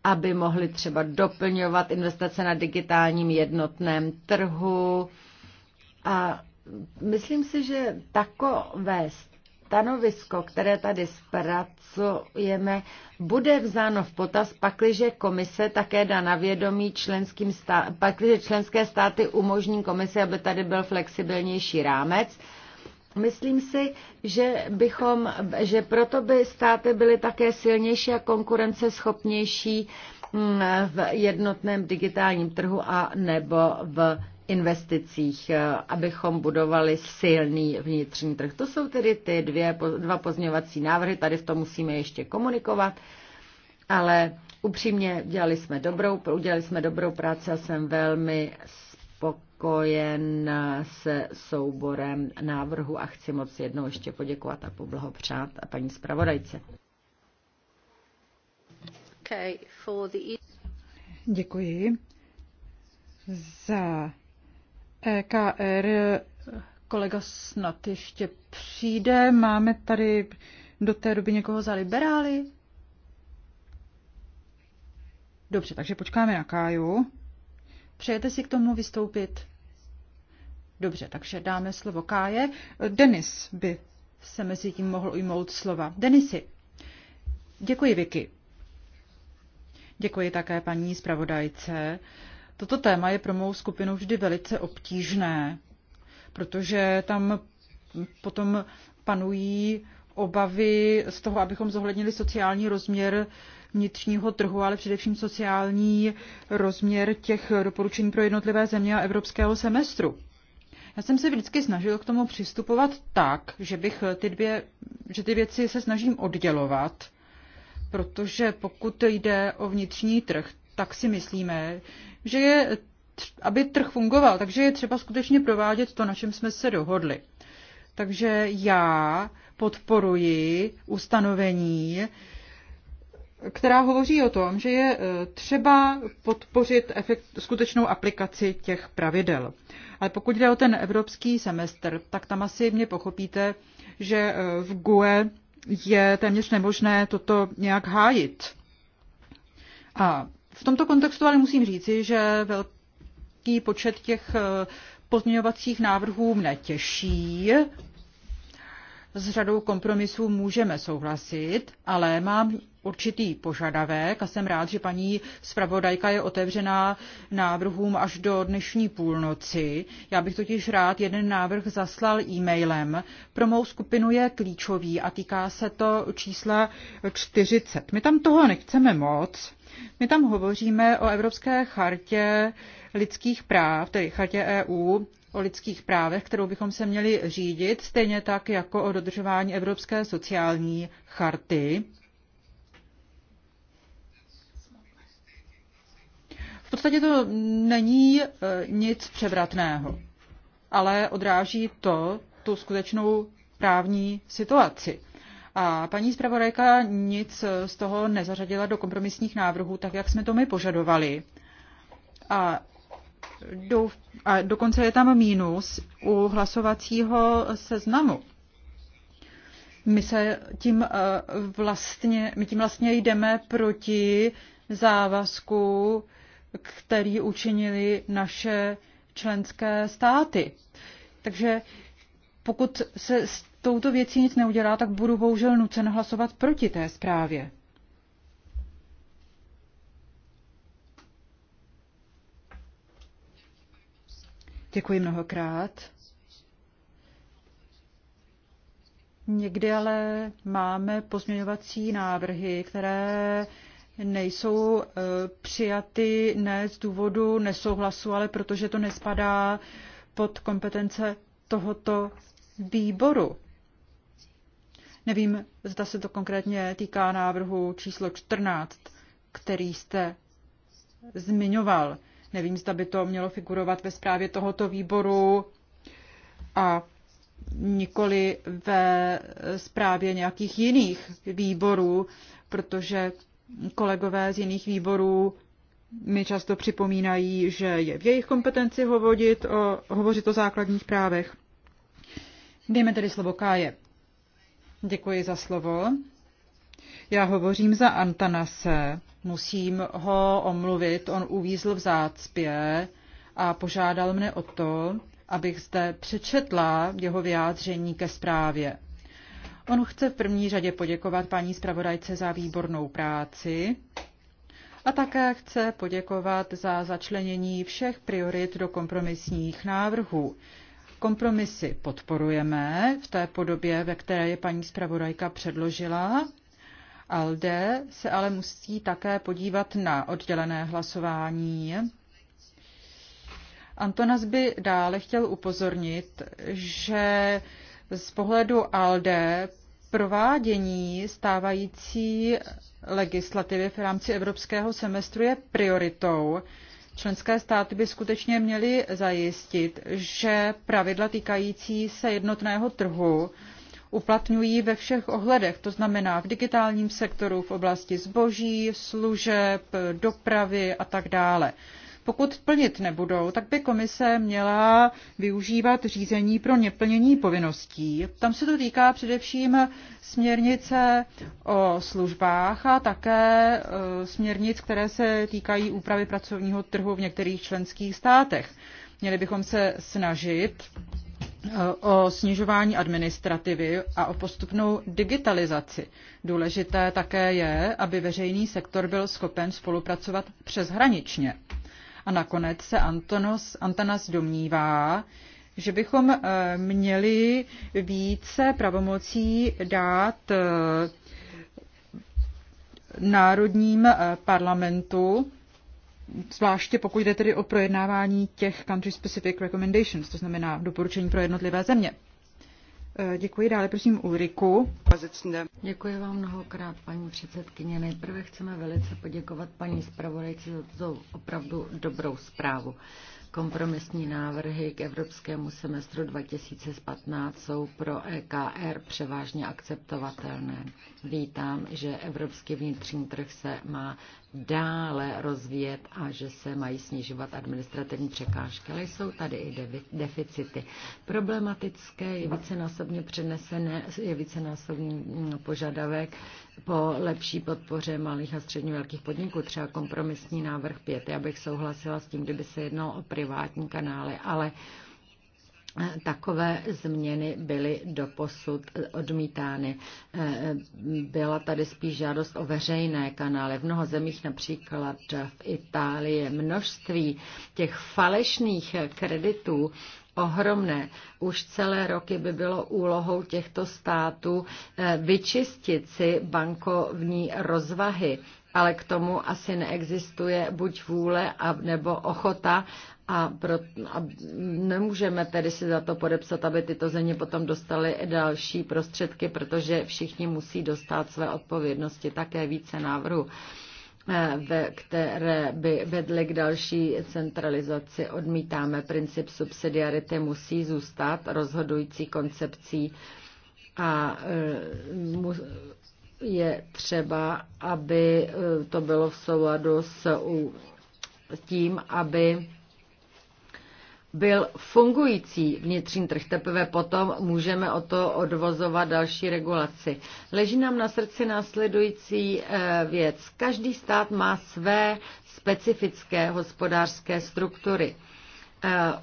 aby mohly třeba doplňovat investice na digitálním jednotném trhu. A myslím si, že takové stanovisko, které tady zpracujeme, bude vzáno v potaz, pakliže komise také dá na vědomí členským stát, pakliže členské státy umožní komise, aby tady byl flexibilnější rámec. Myslím si, že, bychom, že proto by státy byly také silnější a konkurenceschopnější mm, v jednotném digitálním trhu a nebo v investicích, eh, abychom budovali silný vnitřní trh. To jsou tedy ty dvě, dva pozměňovací návrhy, tady v tom musíme ještě komunikovat, ale upřímně dělali jsme dobrou, udělali jsme dobrou práci a jsem velmi spokojen se souborem návrhu a chci moc jednou ještě poděkovat a poblahopřát a paní zpravodajce. Okay, for the... E- Děkuji za EKR, kolega snad ještě přijde. Máme tady do té doby někoho za liberály? Dobře, takže počkáme na Káju. Přejete si k tomu vystoupit? Dobře, takže dáme slovo Káje. Denis by se mezi tím mohl ujmout slova. Denisy, děkuji Vicky. Děkuji také paní zpravodajce. Uh, Toto téma je pro mou skupinu vždy velice obtížné, protože tam potom panují obavy z toho, abychom zohlednili sociální rozměr vnitřního trhu, ale především sociální rozměr těch doporučení pro jednotlivé země a evropského semestru. Já jsem se vždycky snažil k tomu přistupovat tak, že bych ty dvě, že ty věci se snažím oddělovat, protože pokud jde o vnitřní trh, tak si myslíme, že je, aby trh fungoval, takže je třeba skutečně provádět to, na čem jsme se dohodli. Takže já podporuji ustanovení, která hovoří o tom, že je e, třeba podpořit efekt, skutečnou aplikaci těch pravidel. Ale pokud jde o ten evropský semestr, tak tam asi mě pochopíte, že e, v GUE je téměř nemožné toto nějak hájit. A v tomto kontextu ale musím říci, že velký počet těch eh, pozměňovacích návrhů mne těší. S řadou kompromisů můžeme souhlasit, ale mám určitý požadavek a jsem rád, že paní zpravodajka je otevřená návrhům až do dnešní půlnoci. Já bych totiž rád jeden návrh zaslal e-mailem. Pro mou skupinu je klíčový a týká se to čísla 40. My tam toho nechceme moc, my tam hovoříme o Evropské chartě lidských práv, tedy chartě EU o lidských právech, kterou bychom se měli řídit, stejně tak jako o dodržování Evropské sociální charty. V podstatě to není eh, nic převratného, ale odráží to tu skutečnou právní situaci. A paní zpravodajka nic z toho nezařadila do kompromisních návrhů, tak jak jsme to my požadovali. A, do, a dokonce je tam mínus u hlasovacího seznamu. My se tím eh, vlastně, my tím vlastně jdeme proti závazku, který učinili naše členské státy. Takže pokud se s touto věcí nic neudělá, tak budu bohužel nucen hlasovat proti té zprávě. Děkuji mnohokrát. Někdy ale máme pozměňovací návrhy, které nejsou eh, přijaty ne z důvodu nesouhlasu, ale protože to nespadá pod kompetence tohoto výboru. Nevím, zda se to konkrétně týká návrhu číslo 14, který jste zmiňoval. Nevím, zda by to mělo figurovat ve zprávě tohoto výboru a nikoli ve zprávě nějakých jiných výborů, protože kolegové z jiných výborů mi často připomínají, že je v jejich kompetenci hovořit o, hovořit o základních právech. Dejme tedy slovo Káje. Děkuji za slovo. Já hovořím za Antanase. Musím ho omluvit. On uvízl v zácpě a požádal mne o to, abych zde přečetla jeho vyjádření ke zprávě. On chce v první řadě poděkovat paní zpravodajce za výbornou práci a také chce poděkovat za začlenění všech priorit do kompromisních návrhů. Kompromisy podporujeme v té podobě, ve které je paní zpravodajka předložila. ALDE se ale musí také podívat na oddělené hlasování. Antonas by dále chtěl upozornit, že z pohledu ALDE provádění stávající legislativy v rámci evropského semestru je prioritou. Členské státy by skutečně měly zajistit, že pravidla týkající se jednotného trhu uplatňují ve všech ohledech, to znamená v digitálním sektoru, v oblasti zboží, služeb, dopravy a tak dále pokud plnit nebudou, tak by komise měla využívat řízení pro neplnění povinností. Tam se to týká především směrnice o službách a také eh, směrnic, které se týkají úpravy pracovního trhu v některých členských státech. Měli bychom se snažit eh, o snižování administrativy a o postupnou digitalizaci. Důležité také je, aby veřejný sektor byl schopen spolupracovat přeshraničně. A nakonec se Antonos, Antanas domnívá, že bychom eh, měli více pravomocí dát eh, národním eh, parlamentu, zvláště pokud jde tedy o projednávání těch country specific recommendations, to znamená doporučení pro jednotlivé země. Eh, děkuji dále, prosím Ulriku. Děkuji vám mnohokrát, paní předsedkyně. Nejprve chceme velice poděkovat paní zpravodajci za opravdu dobrou zprávu. Kompromisní návrhy k Evropskému semestru 2015 jsou pro EKR převážně akceptovatelné. Vítám, že Evropský vnitřní trh se má dále rozvíjet a že se mají snižovat administrativní překážky. Ale jsou tady i deficity. Problematické je vícenásobně přenesené, je vícenásobný mm, požadavek po lepší podpoře malých a středně velkých podniků, třeba kompromisní návrh 5. Já bych souhlasila s tím, kdyby se jednalo o privátní kanály, ale takové změny byly doposud odmítány. Byla tady spíš žádost o veřejné kanály. V mnoha zemích, například v Itálii, množství těch falešných kreditů ohromné. Už celé roky by bylo úlohou těchto států eh, vyčistit si bankovní rozvahy ale k tomu asi neexistuje buď vůle a nebo ochota a, pro, a nemůžeme tedy si za to podepsat, aby tyto země potom dostaly další prostředky, protože všichni musí dostat své odpovědnosti také více návrhu eh, ve které by vedly k další centralizaci. Odmítáme princip subsidiarity, musí zůstat rozhodující koncepcí a eh, je třeba, aby eh, to bylo v souladu s tím, aby byl fungující vnitřní trh. Teprve potom můžeme o to odvozovat další regulaci. Leží nám na srdci následující eh, věc. Každý stát má své specifické hospodářské struktury eh,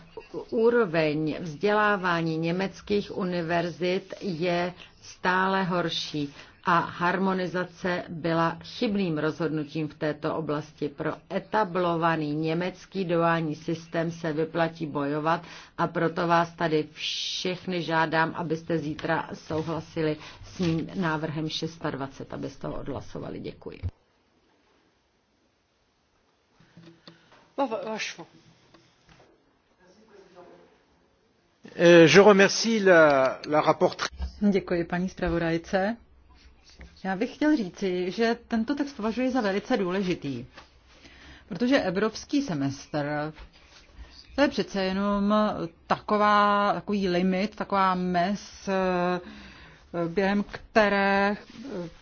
úroveň vzdělávání německých univerzit je stále horší a harmonizace byla chybným rozhodnutím v této oblasti. Pro etablovaný německý duální systém se vyplatí bojovat a proto vás tady všechny žádám, abyste zítra souhlasili s mým návrhem 620, abyste ho odhlasovali. Děkuji. Euh, je remercie la, la Děkuji paní zpravodajce já bych chtěl říci, že tento text považuji za velice důležitý, protože evropský semestr to je přece jenom taková, takový limit, taková mes, během které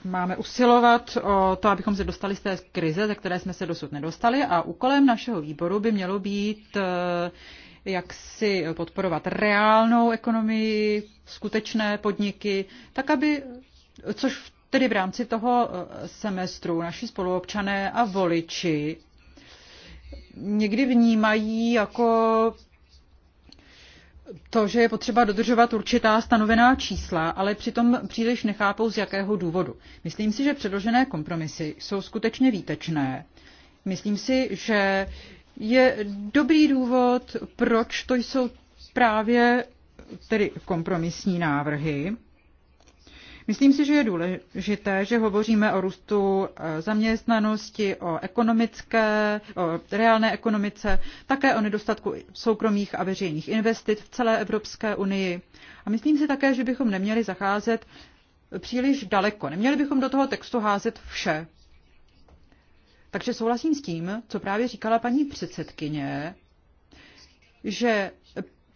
máme usilovat o to, abychom se dostali z té krize, ze které jsme se dosud nedostali a úkolem našeho výboru by mělo být eh, jak si podporovat reálnou ekonomii, skutečné podniky, tak aby, což v tedy v rámci toho eh, semestru naši spoluobčané a voliči někdy vnímají jako to, že je potřeba dodržovat určitá stanovená čísla, ale přitom příliš nechápou, z jakého důvodu. Myslím si, že předložené kompromisy jsou skutečně výtečné. Myslím si, že je dobrý důvod, proč to jsou právě tedy kompromisní návrhy. Myslím si, že je důležité, že hovoříme o růstu e, zaměstnanosti, o ekonomické, o reálné ekonomice, také o nedostatku soukromých a veřejných investic v celé Evropské unii. A myslím si také, že bychom neměli zacházet příliš daleko. Neměli bychom do toho textu házet vše. Takže souhlasím s tím, co právě říkala paní předsedkyně, že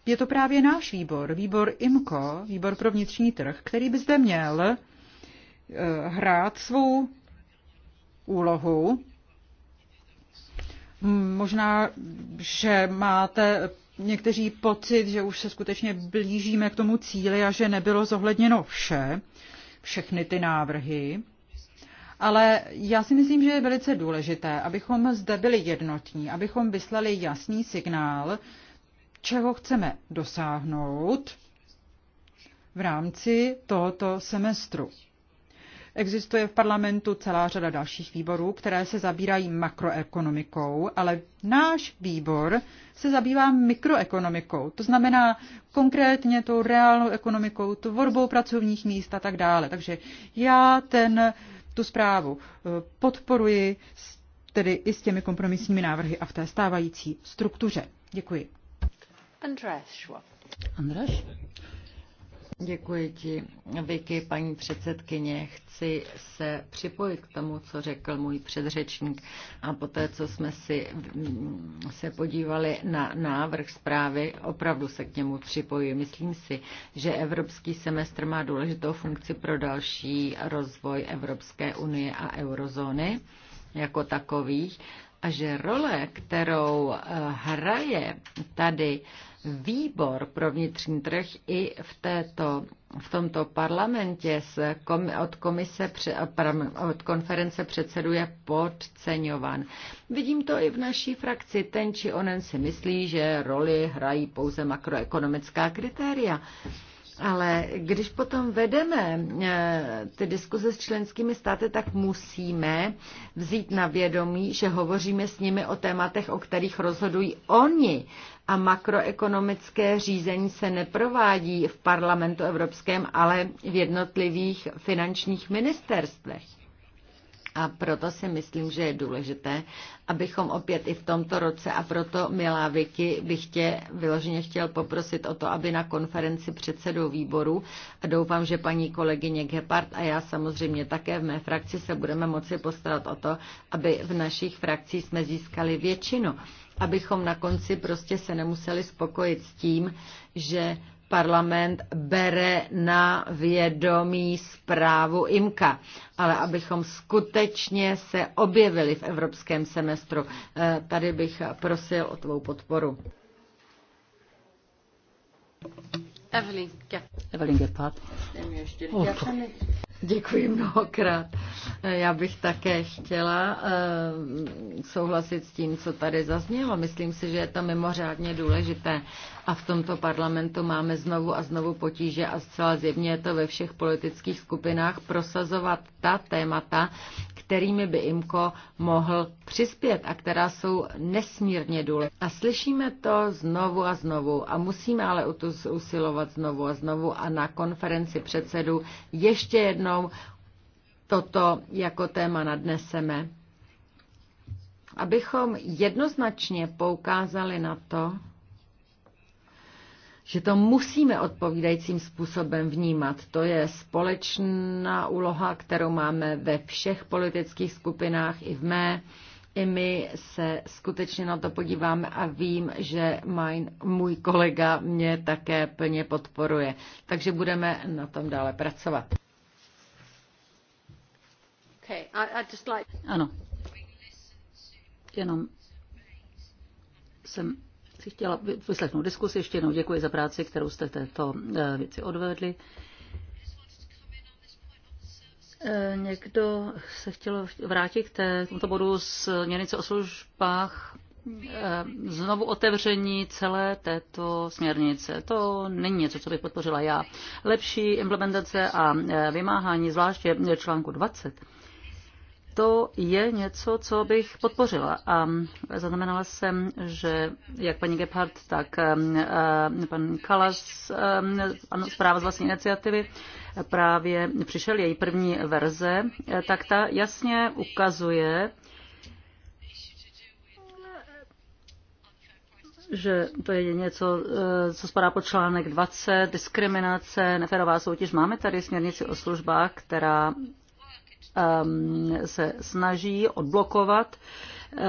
je to právě náš výbor, výbor IMCO, výbor pro vnitřní trh, který by zde měl eh, hrát svou úlohu. Možná, že máte někteří pocit, že už se skutečně blížíme k tomu cíli a že nebylo zohledněno vše, všechny ty návrhy. Ale já si myslím, že je velice důležité, abychom zde byli jednotní, abychom vyslali jasný signál, čeho chceme dosáhnout v rámci tohoto semestru. Existuje v parlamentu celá řada dalších výborů, které se zabírají makroekonomikou, ale náš výbor se zabývá mikroekonomikou, to znamená konkrétně tou reálnou ekonomikou, tvorbou pracovních míst a tak dále. Takže já ten, tu zprávu eh, podporuji tedy i s těmi kompromisními návrhy a v té stávající struktuře. Děkuji. Děkuji ti, Vicky, paní předsedkyně. Chci se připojit k tomu, co řekl můj předřečník. A poté, co jsme si mm, se podívali na návrh zprávy, opravdu se k němu připojuji. Myslím si, že evropský semestr má důležitou funkci pro další rozvoj Evropské unie a eurozóny jako takových a že role, kterou eh, hraje tady výbor pro vnitřní trh i v, této, v tomto parlamentě s kom, od, komise, eh, od konference předsedu je podceňovan. Vidím to i v naší frakci. Ten či onen si myslí, že roli hrají pouze makroekonomická kritéria. Ale když potom vedeme eh, ty diskuze s členskými státy, tak musíme vzít na vědomí, že hovoříme s nimi o tématech, o kterých rozhodují oni. A makroekonomické řízení se neprovádí v parlamentu evropském, ale v jednotlivých finančních ministerstvech. A proto si myslím, že je důležité, abychom opět i v tomto roce, a proto, milá Vicky, bych tě vyloženě chtěl poprosit o to, aby na konferenci předsedů výboru, a doufám, že paní kolegyně Gepard a já samozřejmě také v mé frakci se budeme moci postarat o to, aby v našich frakcích jsme získali většinu abychom na konci prostě se nemuseli spokojit s tím, že parlament bere na vědomí zprávu IMKA, ale abychom skutečně se objevili v evropském semestru. Eh, tady bych prosil o tvou podporu. Evelyn Evelyn Gepard. Děkuji mnohokrát. Já bych také chtěla eh, souhlasit s tím, co tady zaznělo. Myslím si, že je to mimořádně důležité. A v tomto parlamentu máme znovu a znovu potíže a zcela zjevně je to ve všech politických skupinách prosazovat ta témata, kterými by IMCO mohl přispět a která jsou nesmírně důležitá. A slyšíme to znovu a znovu a musíme ale o to usilovat znovu a znovu a na konferenci předsedů ještě jednou toto jako téma nadneseme, abychom jednoznačně poukázali na to, že to musíme odpovídajícím způsobem vnímat. To je společná úloha, kterou máme ve všech politických skupinách i v mé. I my se skutečně na to podíváme a vím, že můj kolega mě také plně podporuje. Takže budeme na tom dále pracovat. Ano, jenom jsem si chtěla vyslechnout diskusi. Ještě jednou děkuji za práci, kterou jste této eh, věci odvedli. Eh, někdo se chtěl vrátit k, tomuto bodu směrnice o službách eh, znovu otevření celé této směrnice. To není něco, co bych podpořila já. Lepší implementace a vymáhání, zvláště článku 20 to je něco, co bych podpořila. A zaznamenala jsem, že jak paní Gebhardt, tak um, uh, pan Kalas, um, ano, zpráva z vlastní iniciativy, právě přišel její první verze, eh, tak ta jasně ukazuje, že to je něco, eh, co spadá pod článek 20, diskriminace, neferová soutěž. Máme tady směrnici o službách, která Um, se snaží odblokovat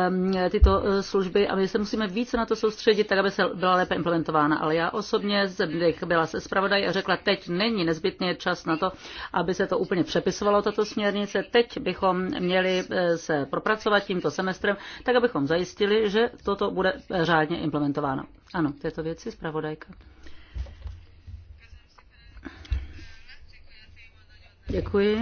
um, tyto uh, služby a my se musíme více na to soustředit, tak aby se byla lépe implementována. Ale já osobně bych byla se zpravodaj a řekla, teď není nezbytně čas na to, aby se to úplně přepisovalo, tato směrnice. Teď bychom měli uh, se propracovat tímto semestrem, tak abychom zajistili, že toto bude řádně implementováno. Ano, této věci zpravodajka. Děkuji.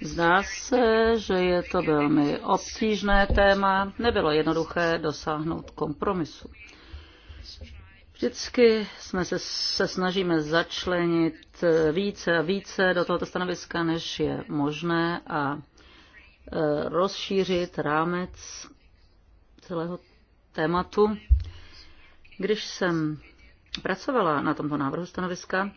Zdá se, že je to velmi obtížné téma, nebylo jednoduché dosáhnout kompromisu. Vždycky jsme se, se snažíme začlenit více a více do tohoto stanoviska, než je možné a e, rozšířit rámec celého tématu. Když jsem pracovala na tomto návrhu stanoviska,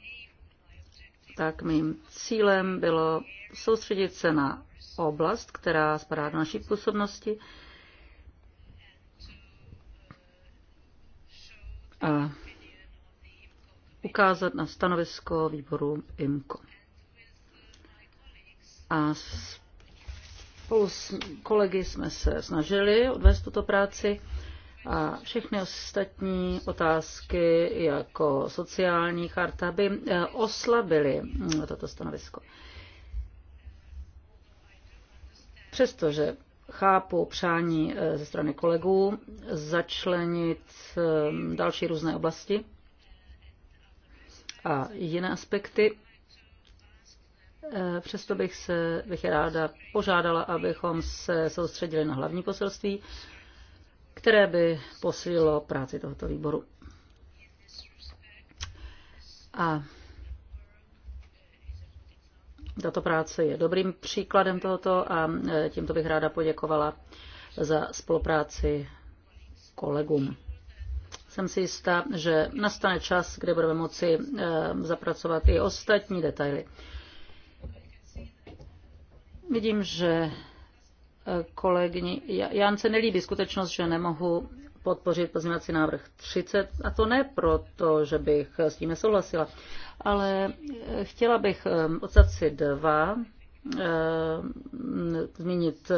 tak mým cílem bylo soustředit se na oblast, která spadá do naší působnosti a ukázat na stanovisko výboru IMCO. A spolu s kolegy jsme se snažili odvést tuto práci. A všechny ostatní otázky, jako sociální charta, by eh, oslabily mm, toto stanovisko. Přestože chápu přání eh, ze strany kolegů začlenit eh, další různé oblasti a jiné aspekty, přesto bych, se, bych ráda požádala, abychom se soustředili na hlavní poselství které by posílilo práci tohoto výboru. A tato práce je dobrým příkladem tohoto a e, tímto bych ráda poděkovala za spolupráci kolegům. Jsem si jistá, že nastane čas, kde budeme moci e, zapracovat i ostatní detaily. Vidím, že kolegyni. Jan se nelíbí skutečnost, že nemohu podpořit pozměňovací návrh 30, a to ne proto, že bych s tím nesouhlasila, ale eh, chtěla bych eh, odstavci 2 eh, zmínit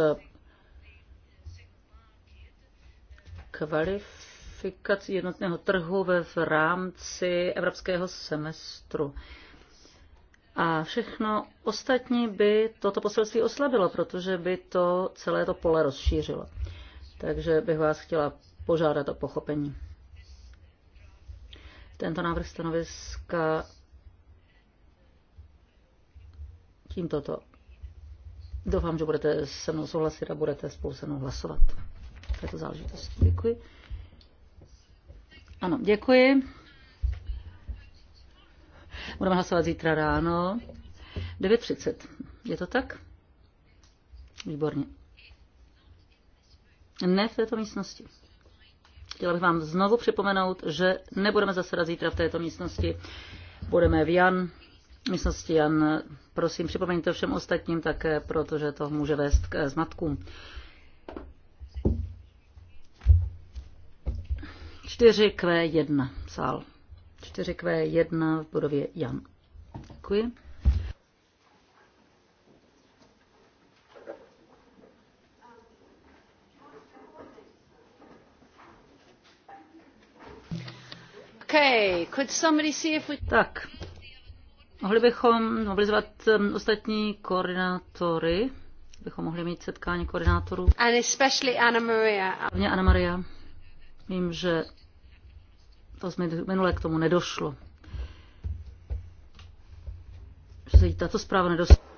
kvalifikaci jednotného trhu v rámci evropského semestru. A všechno ostatní by toto poselství oslabilo, protože by to celé to pole rozšířilo. Takže bych vás chtěla požádat o pochopení. Tento návrh stanoviska tímto to. Doufám, že budete se mnou souhlasit a budete spolu se mnou hlasovat. To je to záležitost. Děkuji. Ano, děkuji. Budeme hlasovat zítra ráno. 9.30. Je to tak? Výborně. Ne v této místnosti. Chtěla bych vám znovu připomenout, že nebudeme zasedat zítra v této místnosti. Budeme v Jan, místnosti Jan. Prosím, připomeňte všem ostatním také, protože to může vést k eh, zmatkům. Čtyři Q1 sál. 4Q1 v budově Jan. Děkuji. Okay, could somebody see if we... Tak, mohli bychom mobilizovat um, ostatní koordinátory, bychom mohli mít setkání koordinátorů. And especially Anna Maria. Anna Maria. Vím, že to minule k tomu nedošlo. Že se tato zpráva nedostala.